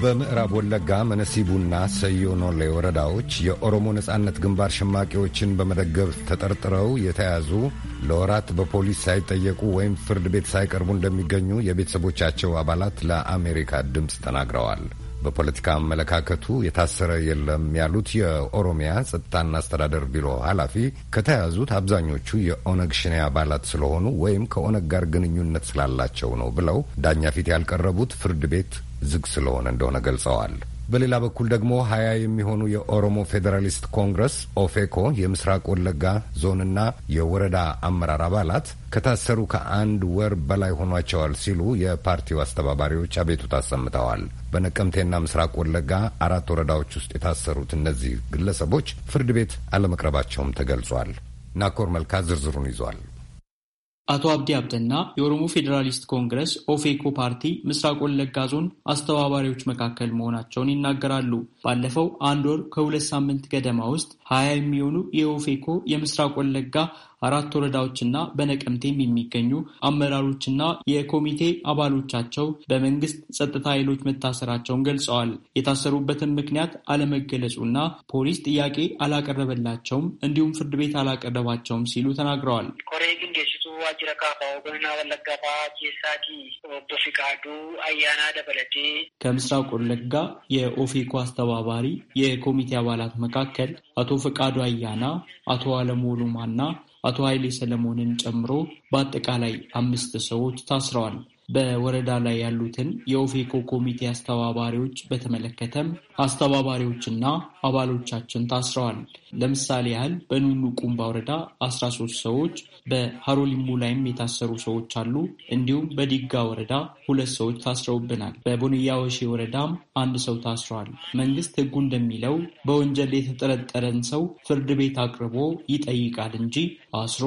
በምዕራብ ወለጋ መነሲቡና ሰዮ ኖሌ ወረዳዎች የኦሮሞ ነጻነት ግንባር ሸማቂዎችን በመደገፍ ተጠርጥረው የተያዙ ለወራት በፖሊስ ሳይጠየቁ ወይም ፍርድ ቤት ሳይቀርቡ እንደሚገኙ የቤተሰቦቻቸው አባላት ለአሜሪካ ድምፅ ተናግረዋል። በፖለቲካ አመለካከቱ የታሰረ የለም ያሉት የኦሮሚያ ጸጥታና አስተዳደር ቢሮ ኃላፊ ከተያዙት አብዛኞቹ የኦነግ ሽኔ አባላት ስለሆኑ ወይም ከኦነግ ጋር ግንኙነት ስላላቸው ነው ብለው ዳኛ ፊት ያልቀረቡት ፍርድ ቤት ዝግ ስለሆነ እንደሆነ ገልጸዋል። በሌላ በኩል ደግሞ ሀያ የሚሆኑ የኦሮሞ ፌዴራሊስት ኮንግረስ ኦፌኮ የምስራቅ ወለጋ ዞንና የወረዳ አመራር አባላት ከታሰሩ ከአንድ ወር በላይ ሆኗቸዋል ሲሉ የፓርቲው አስተባባሪዎች አቤቱታ አሰምተዋል። በነቀምቴና ምስራቅ ወለጋ አራት ወረዳዎች ውስጥ የታሰሩት እነዚህ ግለሰቦች ፍርድ ቤት አለመቅረባቸውም ተገልጿል። ናኮር መልካ ዝርዝሩን ይዟል። አቶ አብዲ አብደና የኦሮሞ ፌዴራሊስት ኮንግረስ ኦፌኮ ፓርቲ ምስራቅ ወለጋ ዞን አስተባባሪዎች መካከል መሆናቸውን ይናገራሉ። ባለፈው አንድ ወር ከሁለት ሳምንት ገደማ ውስጥ ሀያ የሚሆኑ የኦፌኮ የምስራቅ ወለጋ አራት ወረዳዎችና በነቀምቴም የሚገኙ አመራሮችና የኮሚቴ አባሎቻቸው በመንግስት ጸጥታ ኃይሎች መታሰራቸውን ገልጸዋል። የታሰሩበትን ምክንያት አለመገለጹና ፖሊስ ጥያቄ አላቀረበላቸውም እንዲሁም ፍርድ ቤት አላቀረባቸውም ሲሉ ተናግረዋል። waajjira kaafaa ወገንና ወለጋ fa'aa obbo Fiqaaduu አያና ደበለቴ ከምስራቅ ወለጋ የኦፌኮ አስተባባሪ የኮሚቴ አባላት መካከል አቶ ፈቃዱ አያና፣ አቶ አለሙ ሉማና አቶ ኃይሌ ሰለሞንን ጨምሮ በአጠቃላይ አምስት ሰዎች ታስረዋል። በወረዳ ላይ ያሉትን የኦፌኮ ኮሚቴ አስተባባሪዎች በተመለከተም አስተባባሪዎችና አባሎቻችን ታስረዋል። ለምሳሌ ያህል በኑኑ ቁምባ ወረዳ 13 ሰዎች በሀሮሊሙ ላይም የታሰሩ ሰዎች አሉ። እንዲሁም በዲጋ ወረዳ ሁለት ሰዎች ታስረውብናል። በቦንያ ወሼ ወረዳም አንድ ሰው ታስረዋል። መንግስት ህጉ እንደሚለው በወንጀል የተጠረጠረን ሰው ፍርድ ቤት አቅርቦ ይጠይቃል እንጂ አስሮ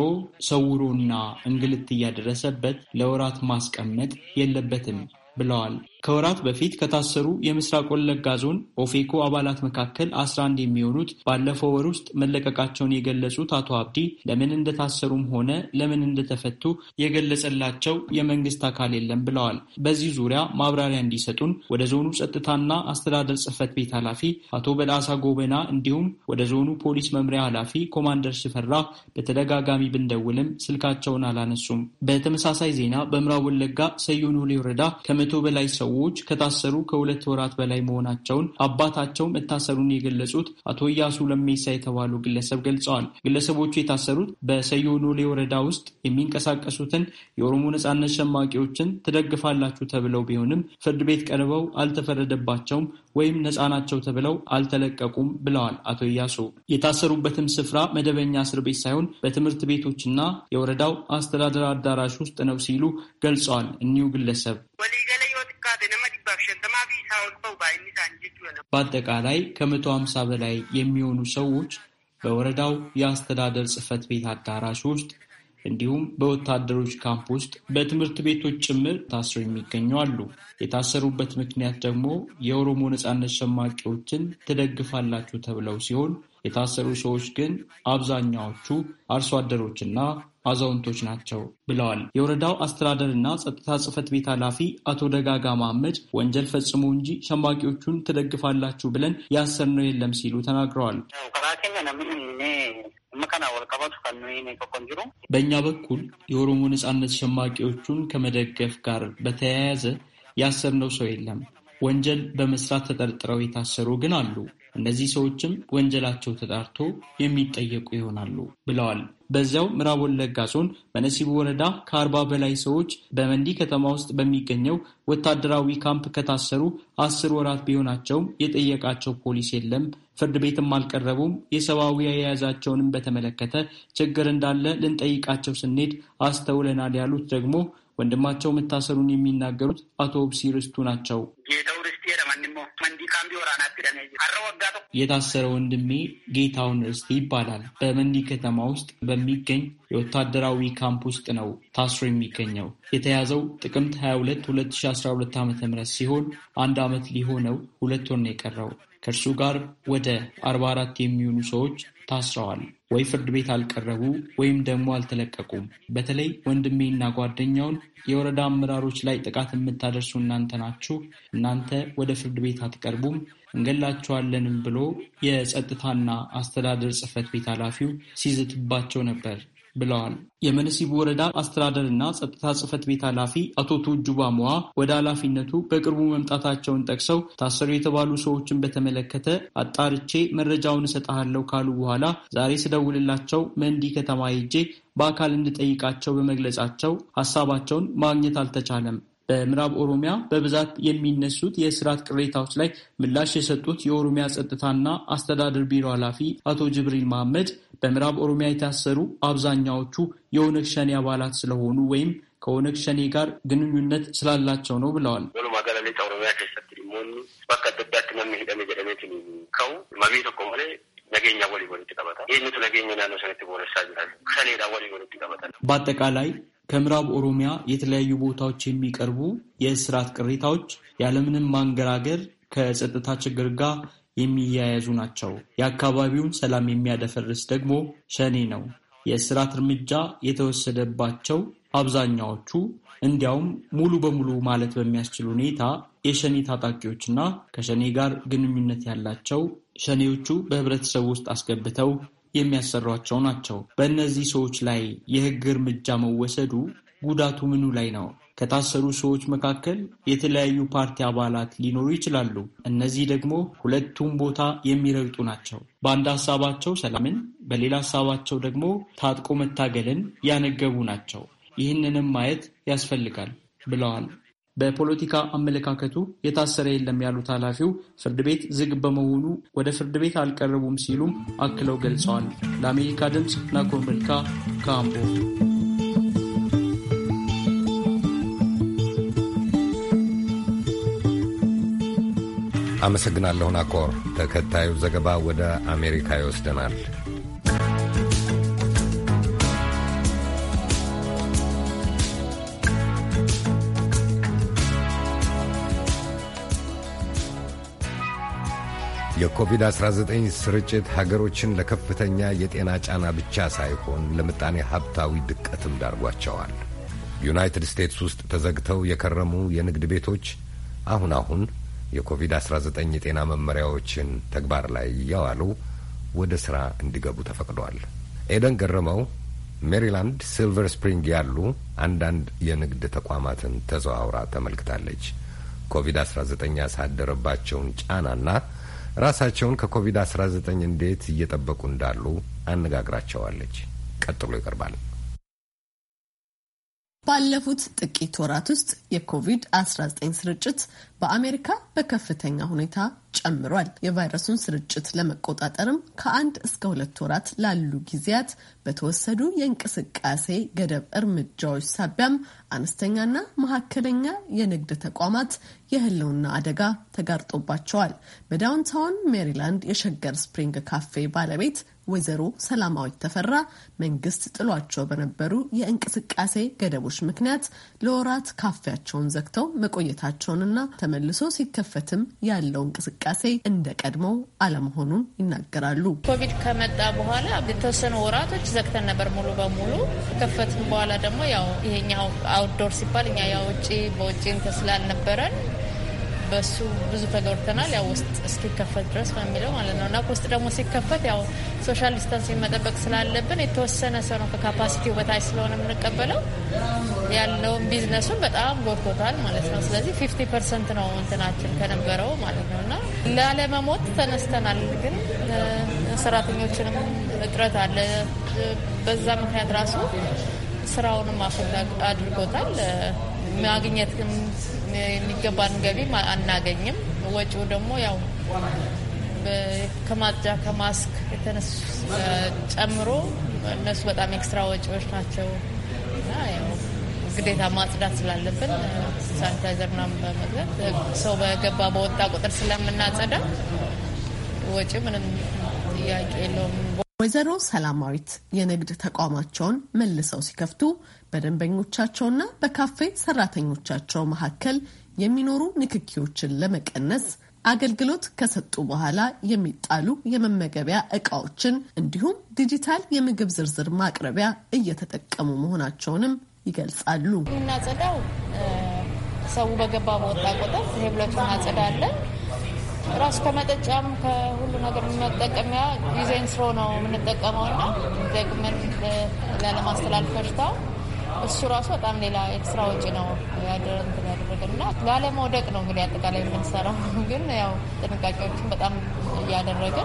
ሰውሮና እንግልት እያደረሰበት ለወራት ማስቀመጥ የለበትም ብለዋል። ከወራት በፊት ከታሰሩ የምስራቅ ወለጋ ዞን ኦፌኮ አባላት መካከል አስራ አንድ የሚሆኑት ባለፈው ወር ውስጥ መለቀቃቸውን የገለጹት አቶ አብዲ ለምን እንደታሰሩም ሆነ ለምን እንደተፈቱ የገለጸላቸው የመንግስት አካል የለም ብለዋል። በዚህ ዙሪያ ማብራሪያ እንዲሰጡን ወደ ዞኑ ጸጥታና አስተዳደር ጽህፈት ቤት ኃላፊ አቶ በልአሳ ጎበና እንዲሁም ወደ ዞኑ ፖሊስ መምሪያ ኃላፊ ኮማንደር ሽፈራ በተደጋጋሚ ብንደውልም ስልካቸውን አላነሱም። በተመሳሳይ ዜና በምዕራብ ወለጋ ሰዮ ኖሌ ወረዳ ከመቶ በላይ ሰው ሰዎች ከታሰሩ ከሁለት ወራት በላይ መሆናቸውን አባታቸው መታሰሩን የገለጹት አቶ እያሱ ለሜሳ የተባሉ ግለሰብ ገልጸዋል። ግለሰቦቹ የታሰሩት በሰዮኖሌ ወረዳ ውስጥ የሚንቀሳቀሱትን የኦሮሞ ነጻነት ሸማቂዎችን ትደግፋላችሁ ተብለው ቢሆንም ፍርድ ቤት ቀርበው አልተፈረደባቸውም ወይም ነጻ ናቸው ተብለው አልተለቀቁም ብለዋል አቶ እያሱ። የታሰሩበትም ስፍራ መደበኛ እስር ቤት ሳይሆን በትምህርት ቤቶችና የወረዳው አስተዳደር አዳራሽ ውስጥ ነው ሲሉ ገልጸዋል እኒሁ ግለሰብ በአጠቃላይ ከመቶ ሀምሳ በላይ የሚሆኑ ሰዎች በወረዳው የአስተዳደር ጽህፈት ቤት አዳራሽ ውስጥ እንዲሁም በወታደሮች ካምፕ ውስጥ በትምህርት ቤቶች ጭምር ታስረው የሚገኙ አሉ። የታሰሩበት ምክንያት ደግሞ የኦሮሞ ነጻነት ሸማቂዎችን ትደግፋላችሁ ተብለው ሲሆን የታሰሩ ሰዎች ግን አብዛኛዎቹ አርሶ አደሮችና አዛውንቶች ናቸው ብለዋል። የወረዳው አስተዳደርና ጸጥታ ጽህፈት ቤት ኃላፊ አቶ ደጋጋ መሐመድ ወንጀል ፈጽሞ እንጂ ሸማቂዎቹን ትደግፋላችሁ ብለን ያሰርነው የለም ሲሉ ተናግረዋል። በእኛ በኩል የኦሮሞ ነጻነት ሸማቂዎቹን ከመደገፍ ጋር በተያያዘ ያሰርነው ሰው የለም። ወንጀል በመስራት ተጠርጥረው የታሰሩ ግን አሉ። እነዚህ ሰዎችም ወንጀላቸው ተጣርቶ የሚጠየቁ ይሆናሉ ብለዋል። በዚያው ምዕራብ ወለጋ ዞን በነሲቡ ወረዳ ከአርባ በላይ ሰዎች በመንዲ ከተማ ውስጥ በሚገኘው ወታደራዊ ካምፕ ከታሰሩ አስር ወራት ቢሆናቸውም የጠየቃቸው ፖሊስ የለም። ፍርድ ቤትም አልቀረቡም። የሰብአዊ አያያዛቸውንም በተመለከተ ችግር እንዳለ ልንጠይቃቸው ስንሄድ አስተውለናል ያሉት ደግሞ ወንድማቸው መታሰሩን የሚናገሩት አቶ ኦብሲ ርስቱ ናቸው። የታሰረ ወንድሜ ጌታውን ርስት ይባላል። በመንዲ ከተማ ውስጥ በሚገኝ የወታደራዊ ካምፕ ውስጥ ነው ታስሮ የሚገኘው። የተያዘው ጥቅምት 22 2012 ዓ ም ሲሆን አንድ ዓመት ሊሆነው ሁለት ወር ነው የቀረው። ከእርሱ ጋር ወደ 44 የሚሆኑ ሰዎች ታስረዋል። ወይ ፍርድ ቤት አልቀረቡ ወይም ደግሞ አልተለቀቁም። በተለይ ወንድሜና ጓደኛውን የወረዳ አመራሮች ላይ ጥቃት የምታደርሱ እናንተ ናችሁ፣ እናንተ ወደ ፍርድ ቤት አትቀርቡም፣ እንገላችኋለንም ብሎ የጸጥታና አስተዳደር ጽህፈት ቤት ኃላፊው ሲዝትባቸው ነበር ብለዋል። የመንሲቡ ወረዳ አስተዳደርና ጸጥታ ጽህፈት ቤት ኃላፊ አቶ ቱጁባ ሞዋ ወደ ኃላፊነቱ በቅርቡ መምጣታቸውን ጠቅሰው ታሰሩ የተባሉ ሰዎችን በተመለከተ አጣርቼ መረጃውን እሰጥሃለሁ ካሉ በኋላ ዛሬ ስደውልላቸው መንዲ ከተማ ሄጄ በአካል እንድጠይቃቸው በመግለጻቸው ሀሳባቸውን ማግኘት አልተቻለም። በምዕራብ ኦሮሚያ በብዛት የሚነሱት የስርዓት ቅሬታዎች ላይ ምላሽ የሰጡት የኦሮሚያ ጸጥታና አስተዳደር ቢሮ ኃላፊ አቶ ጅብሪል መሐመድ በምዕራብ ኦሮሚያ የታሰሩ አብዛኛዎቹ የኦነግ ሸኔ አባላት ስለሆኑ ወይም ከኦነግ ሸኔ ጋር ግንኙነት ስላላቸው ነው ብለዋል። በአጠቃላይ ከምዕራብ ኦሮሚያ የተለያዩ ቦታዎች የሚቀርቡ የእስራት ቅሬታዎች ያለምንም ማንገራገር ከጸጥታ ችግር ጋር የሚያያዙ ናቸው። የአካባቢውን ሰላም የሚያደፈርስ ደግሞ ሸኔ ነው። የእስራት እርምጃ የተወሰደባቸው አብዛኛዎቹ እንዲያውም ሙሉ በሙሉ ማለት በሚያስችል ሁኔታ የሸኔ ታጣቂዎችና ከሸኔ ጋር ግንኙነት ያላቸው ሸኔዎቹ በህብረተሰቡ ውስጥ አስገብተው የሚያሰሯቸው ናቸው። በእነዚህ ሰዎች ላይ የህግ እርምጃ መወሰዱ ጉዳቱ ምኑ ላይ ነው? ከታሰሩ ሰዎች መካከል የተለያዩ ፓርቲ አባላት ሊኖሩ ይችላሉ። እነዚህ ደግሞ ሁለቱም ቦታ የሚረግጡ ናቸው። በአንድ ሀሳባቸው ሰላምን፣ በሌላ ሀሳባቸው ደግሞ ታጥቆ መታገልን ያነገቡ ናቸው። ይህንንም ማየት ያስፈልጋል ብለዋል በፖለቲካ አመለካከቱ የታሰረ የለም ያሉት ኃላፊው ፍርድ ቤት ዝግ በመሆኑ ወደ ፍርድ ቤት አልቀረቡም ሲሉም አክለው ገልጸዋል። ለአሜሪካ ድምፅ ናኮር መልካ ከአምቦ አመሰግናለሁ ናኮር። ተከታዩ ዘገባ ወደ አሜሪካ ይወስደናል። የኮቪድ-19 ስርጭት ሀገሮችን ለከፍተኛ የጤና ጫና ብቻ ሳይሆን ለምጣኔ ሀብታዊ ድቀትም ዳርጓቸዋል። ዩናይትድ ስቴትስ ውስጥ ተዘግተው የከረሙ የንግድ ቤቶች አሁን አሁን የኮቪድ-19 የጤና መመሪያዎችን ተግባር ላይ እያዋሉ ወደ ሥራ እንዲገቡ ተፈቅዷል። ኤደን ገረመው ሜሪላንድ ሲልቨር ስፕሪንግ ያሉ አንዳንድ የንግድ ተቋማትን ተዘዋውራ ተመልክታለች። ኮቪድ-19 ያሳደረባቸውን ጫናና ራሳቸውን ከኮቪድ-19 እንዴት እየጠበቁ እንዳሉ አነጋግራቸዋለች። ቀጥሎ ይቀርባል። ባለፉት ጥቂት ወራት ውስጥ የኮቪድ-19 ስርጭት በአሜሪካ በከፍተኛ ሁኔታ ጨምሯል። የቫይረሱን ስርጭት ለመቆጣጠርም ከአንድ እስከ ሁለት ወራት ላሉ ጊዜያት በተወሰዱ የእንቅስቃሴ ገደብ እርምጃዎች ሳቢያም አነስተኛና መካከለኛ የንግድ ተቋማት የህልውና አደጋ ተጋርጦባቸዋል። በዳውንታውን ሜሪላንድ የሸገር ስፕሪንግ ካፌ ባለቤት ወይዘሮ ሰላማዊት ተፈራ መንግስት ጥሏቸው በነበሩ የእንቅስቃሴ ገደቦች ምክንያት ለወራት ካፌያቸውን ዘግተው መቆየታቸውንና ተመልሶ ሲከፈትም ያለው እንቅስቃሴ እንደ ቀድሞው አለመሆኑን ይናገራሉ። ኮቪድ ከመጣ በኋላ የተወሰኑ ወራቶች ዘግተን ነበር ሙሉ በሙሉ ከፈትም በኋላ ደግሞ ያው ይሄኛው አውትዶር ሲባል እኛ ያው ውጭ በውጭ ስላልነበረን በሱ ብዙ ተጎድተናል። ያው ውስጥ እስኪከፈት ድረስ በሚለው ማለት ነው እና ውስጥ ደግሞ ሲከፈት ያው ሶሻል ዲስታንስ መጠበቅ ስላለብን የተወሰነ ሰው ነው ከካፓሲቲው በታች ስለሆነ የምንቀበለው ያለውን ቢዝነሱን በጣም ጎድቶታል ማለት ነው። ስለዚህ ፊፍቲ ፐርሰንት ነው እንትናችን ከነበረው ማለት ነው እና ላለመሞት ተነስተናል። ግን ሰራተኞችንም እጥረት አለ። በዛ ምክንያት ራሱ ስራውንም አፈት አድርጎታል። ማግኘት የሚገባን ገቢ አናገኝም። ወጪው ደግሞ ያው ከማጽጃ ከማስክ የተነሱ ጨምሮ እነሱ በጣም ኤክስትራ ወጪዎች ናቸው ግዴታ ማጽዳት ስላለብን ሳኒታይዘር ምናምን በመግዛት ሰው በገባ በወጣ ቁጥር ስለምናጸዳ ወጪ ምንም ጥያቄ የለውም። ወይዘሮ ሰላማዊት የንግድ ተቋማቸውን መልሰው ሲከፍቱ በደንበኞቻቸውና በካፌ ሰራተኞቻቸው መካከል የሚኖሩ ንክኪዎችን ለመቀነስ አገልግሎት ከሰጡ በኋላ የሚጣሉ የመመገቢያ እቃዎችን እንዲሁም ዲጂታል የምግብ ዝርዝር ማቅረቢያ እየተጠቀሙ መሆናቸውንም ይገልጻሉ። ሰው በገባ በወጣ ቁጥር ቴብለቱን እናጸዳለን። ራሱ ከመጠጫም ከሁሉ ነገር መጠቀሚያ ጊዜን ስሮ ነው የምንጠቀመው እና ደግመን ላለማስተላለፍ ፈጅታ እሱ ራሱ በጣም ሌላ ኤክስትራ ወጪ ነው ያደረግ ያደረግን እና ላለመውደቅ ነው እንግዲህ አጠቃላይ የምንሰራው። [LAUGHS] ግን ያው ጥንቃቄዎችን በጣም እያደረገ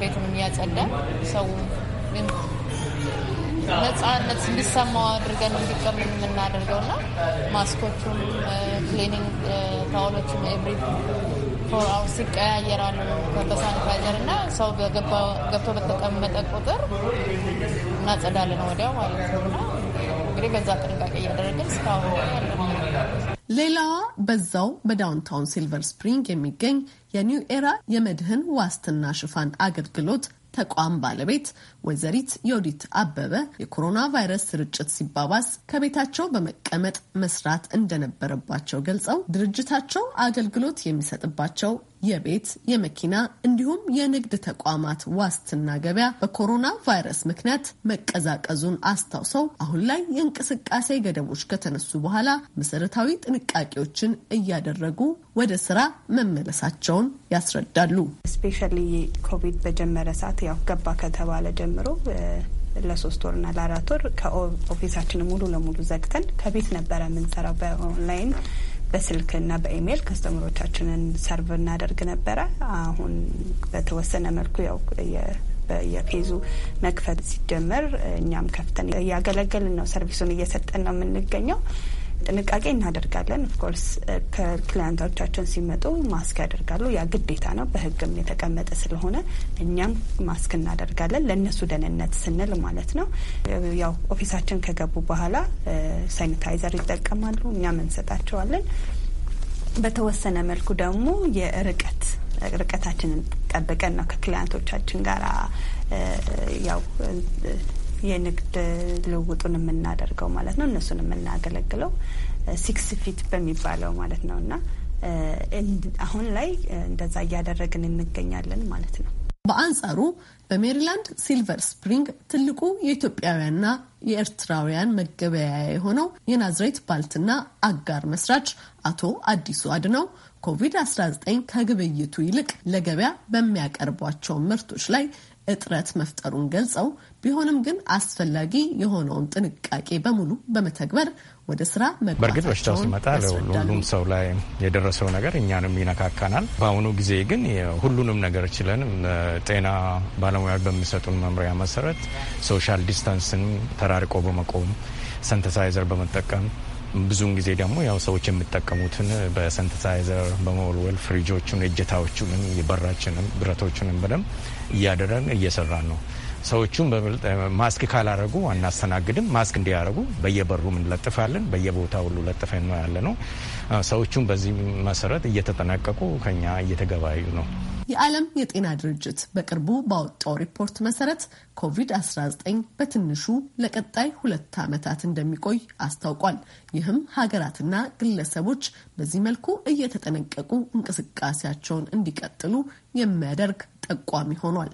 ቤቱን እያጸዳን ሰው ግን ነጻነት እንዲሰማው አድርገን እንዲቀም የምናደርገው እና ማስኮቹም፣ ክሊኒንግ ታወሎችም ኤብሪ ፎር አወርስ በሳኒታይዘር እና ሰው ገብቶ በተቀመጠ ቁጥር እናጸዳለን ወዲያው ማለት ነው እንግዲህ በዛ ጥንቃቄ እያደረግን እስካሁን ሌላዋ በዛው በዳውንታውን ሲልቨር ስፕሪንግ የሚገኝ የኒው ኤራ የመድህን ዋስትና ሽፋን አገልግሎት ተቋም ባለቤት ወይዘሪት ዮዲት አበበ የኮሮና ቫይረስ ስርጭት ሲባባስ ከቤታቸው በመቀመጥ መስራት እንደነበረባቸው ገልጸው ድርጅታቸው አገልግሎት የሚሰጥባቸው የቤት የመኪና እንዲሁም የንግድ ተቋማት ዋስትና ገበያ በኮሮና ቫይረስ ምክንያት መቀዛቀዙን አስታውሰው አሁን ላይ የእንቅስቃሴ ገደቦች ከተነሱ በኋላ መሰረታዊ ጥንቃቄዎችን እያደረጉ ወደ ስራ መመለሳቸውን ያስረዳሉ። ስፔሻሊ ኮቪድ በጀመረ ሰዓት ያው ገባ ከተባለ ጀምሮ ለሶስት ወርና ለአራት ወር ከኦፊሳችን ሙሉ ለሙሉ ዘግተን ከቤት ነበረ የምንሰራው በኦንላይን በስልክና በኢሜይል ከስተምሮቻችንን ሰርቭ እናደርግ ነበረ። አሁን በተወሰነ መልኩ ያው የፌዙ መክፈት ሲጀምር እኛም ከፍተን እያገለገልን ነው፣ ሰርቪሱን እየሰጠን ነው የምንገኘው። ጥንቃቄ እናደርጋለን። ኦፍኮርስ eh, ከክላያንቶቻችን ሲመጡ ማስክ ያደርጋሉ። ያ ግዴታ ነው፣ በህግም የተቀመጠ ስለሆነ እኛም ማስክ እናደርጋለን ለእነሱ ደህንነት ስንል ማለት ነው። eh, ያው ኦፊሳችን ከገቡ በኋላ eh, ሳኒታይዘር ይጠቀማሉ፣ እኛም እንሰጣቸዋለን። በተወሰነ መልኩ ደግሞ የርቀት ርቀታችንን ጠብቀን ነው ከክላያንቶቻችን ጋር ያው የንግድ ልውውጡን የምናደርገው ማለት ነው። እነሱን የምናገለግለው ሲክስ ፊት በሚባለው ማለት ነው እና አሁን ላይ እንደዛ እያደረግን እንገኛለን ማለት ነው። በአንጻሩ በሜሪላንድ ሲልቨር ስፕሪንግ ትልቁ የኢትዮጵያውያንና የኤርትራውያን መገበያያ የሆነው የናዝሬት ባልትና አጋር መስራች አቶ አዲሱ አድነው ኮቪድ-19 ከግብይቱ ይልቅ ለገበያ በሚያቀርቧቸው ምርቶች ላይ እጥረት መፍጠሩን ገልጸው ቢሆንም ግን አስፈላጊ የሆነውን ጥንቃቄ በሙሉ በመተግበር ወደ ስራ መግባታቸውን በእርግጥ በሽታው ሲመጣ ለሁሉም ሰው ላይ የደረሰው ነገር እኛንም ይነካካናል። በአሁኑ ጊዜ ግን ሁሉንም ነገር ችለን ጤና ባለሙያዎች በሚሰጡን መምሪያ መሰረት ሶሻል ዲስታንስን ተራርቆ በመቆም ሰንተሳይዘር በመጠቀም ብዙውን ጊዜ ደግሞ ያው ሰዎች የሚጠቀሙትን በሰንተሳይዘር በመወልወል ፍሪጆቹን፣ እጀታዎቹንም፣ የበራችንም ብረቶቹንም በደንብ እያደረግን እየሰራን ነው። ሰዎቹም ማስክ ካላረጉ አናስተናግድም። ማስክ እንዲያረጉ በየበሩም እንለጥፋለን። በየቦታ ሁሉ ለጥፈን ነው ያለ ነው። ሰዎቹም በዚህ መሰረት እየተጠናቀቁ ከኛ እየተገባዩ ነው። የዓለም የጤና ድርጅት በቅርቡ ባወጣው ሪፖርት መሰረት ኮቪድ-19 በትንሹ ለቀጣይ ሁለት ዓመታት እንደሚቆይ አስታውቋል። ይህም ሀገራትና ግለሰቦች በዚህ መልኩ እየተጠነቀቁ እንቅስቃሴያቸውን እንዲቀጥሉ የሚያደርግ ጠቋሚ ሆኗል።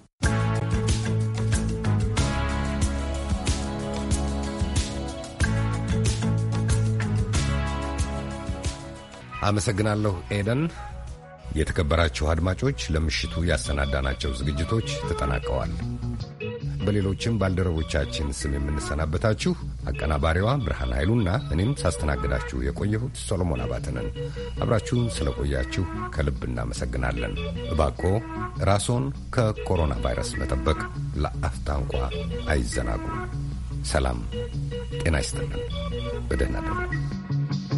አመሰግናለሁ ኤደን። የተከበራችሁ አድማጮች ለምሽቱ ያሰናዳናቸው ዝግጅቶች ተጠናቀዋል። በሌሎችም ባልደረቦቻችን ስም የምንሰናበታችሁ አቀናባሪዋ ብርሃን ኃይሉና እኔም ሳስተናግዳችሁ የቆየሁት ሶሎሞን አባተንን አብራችሁን ስለቆያችሁ ከልብ እናመሰግናለን። እባክዎ ራስዎን ከኮሮና ቫይረስ መጠበቅ ለአፍታ እንኳ አይዘናጉ። ሰላም ጤና ይስጥልን። በደህና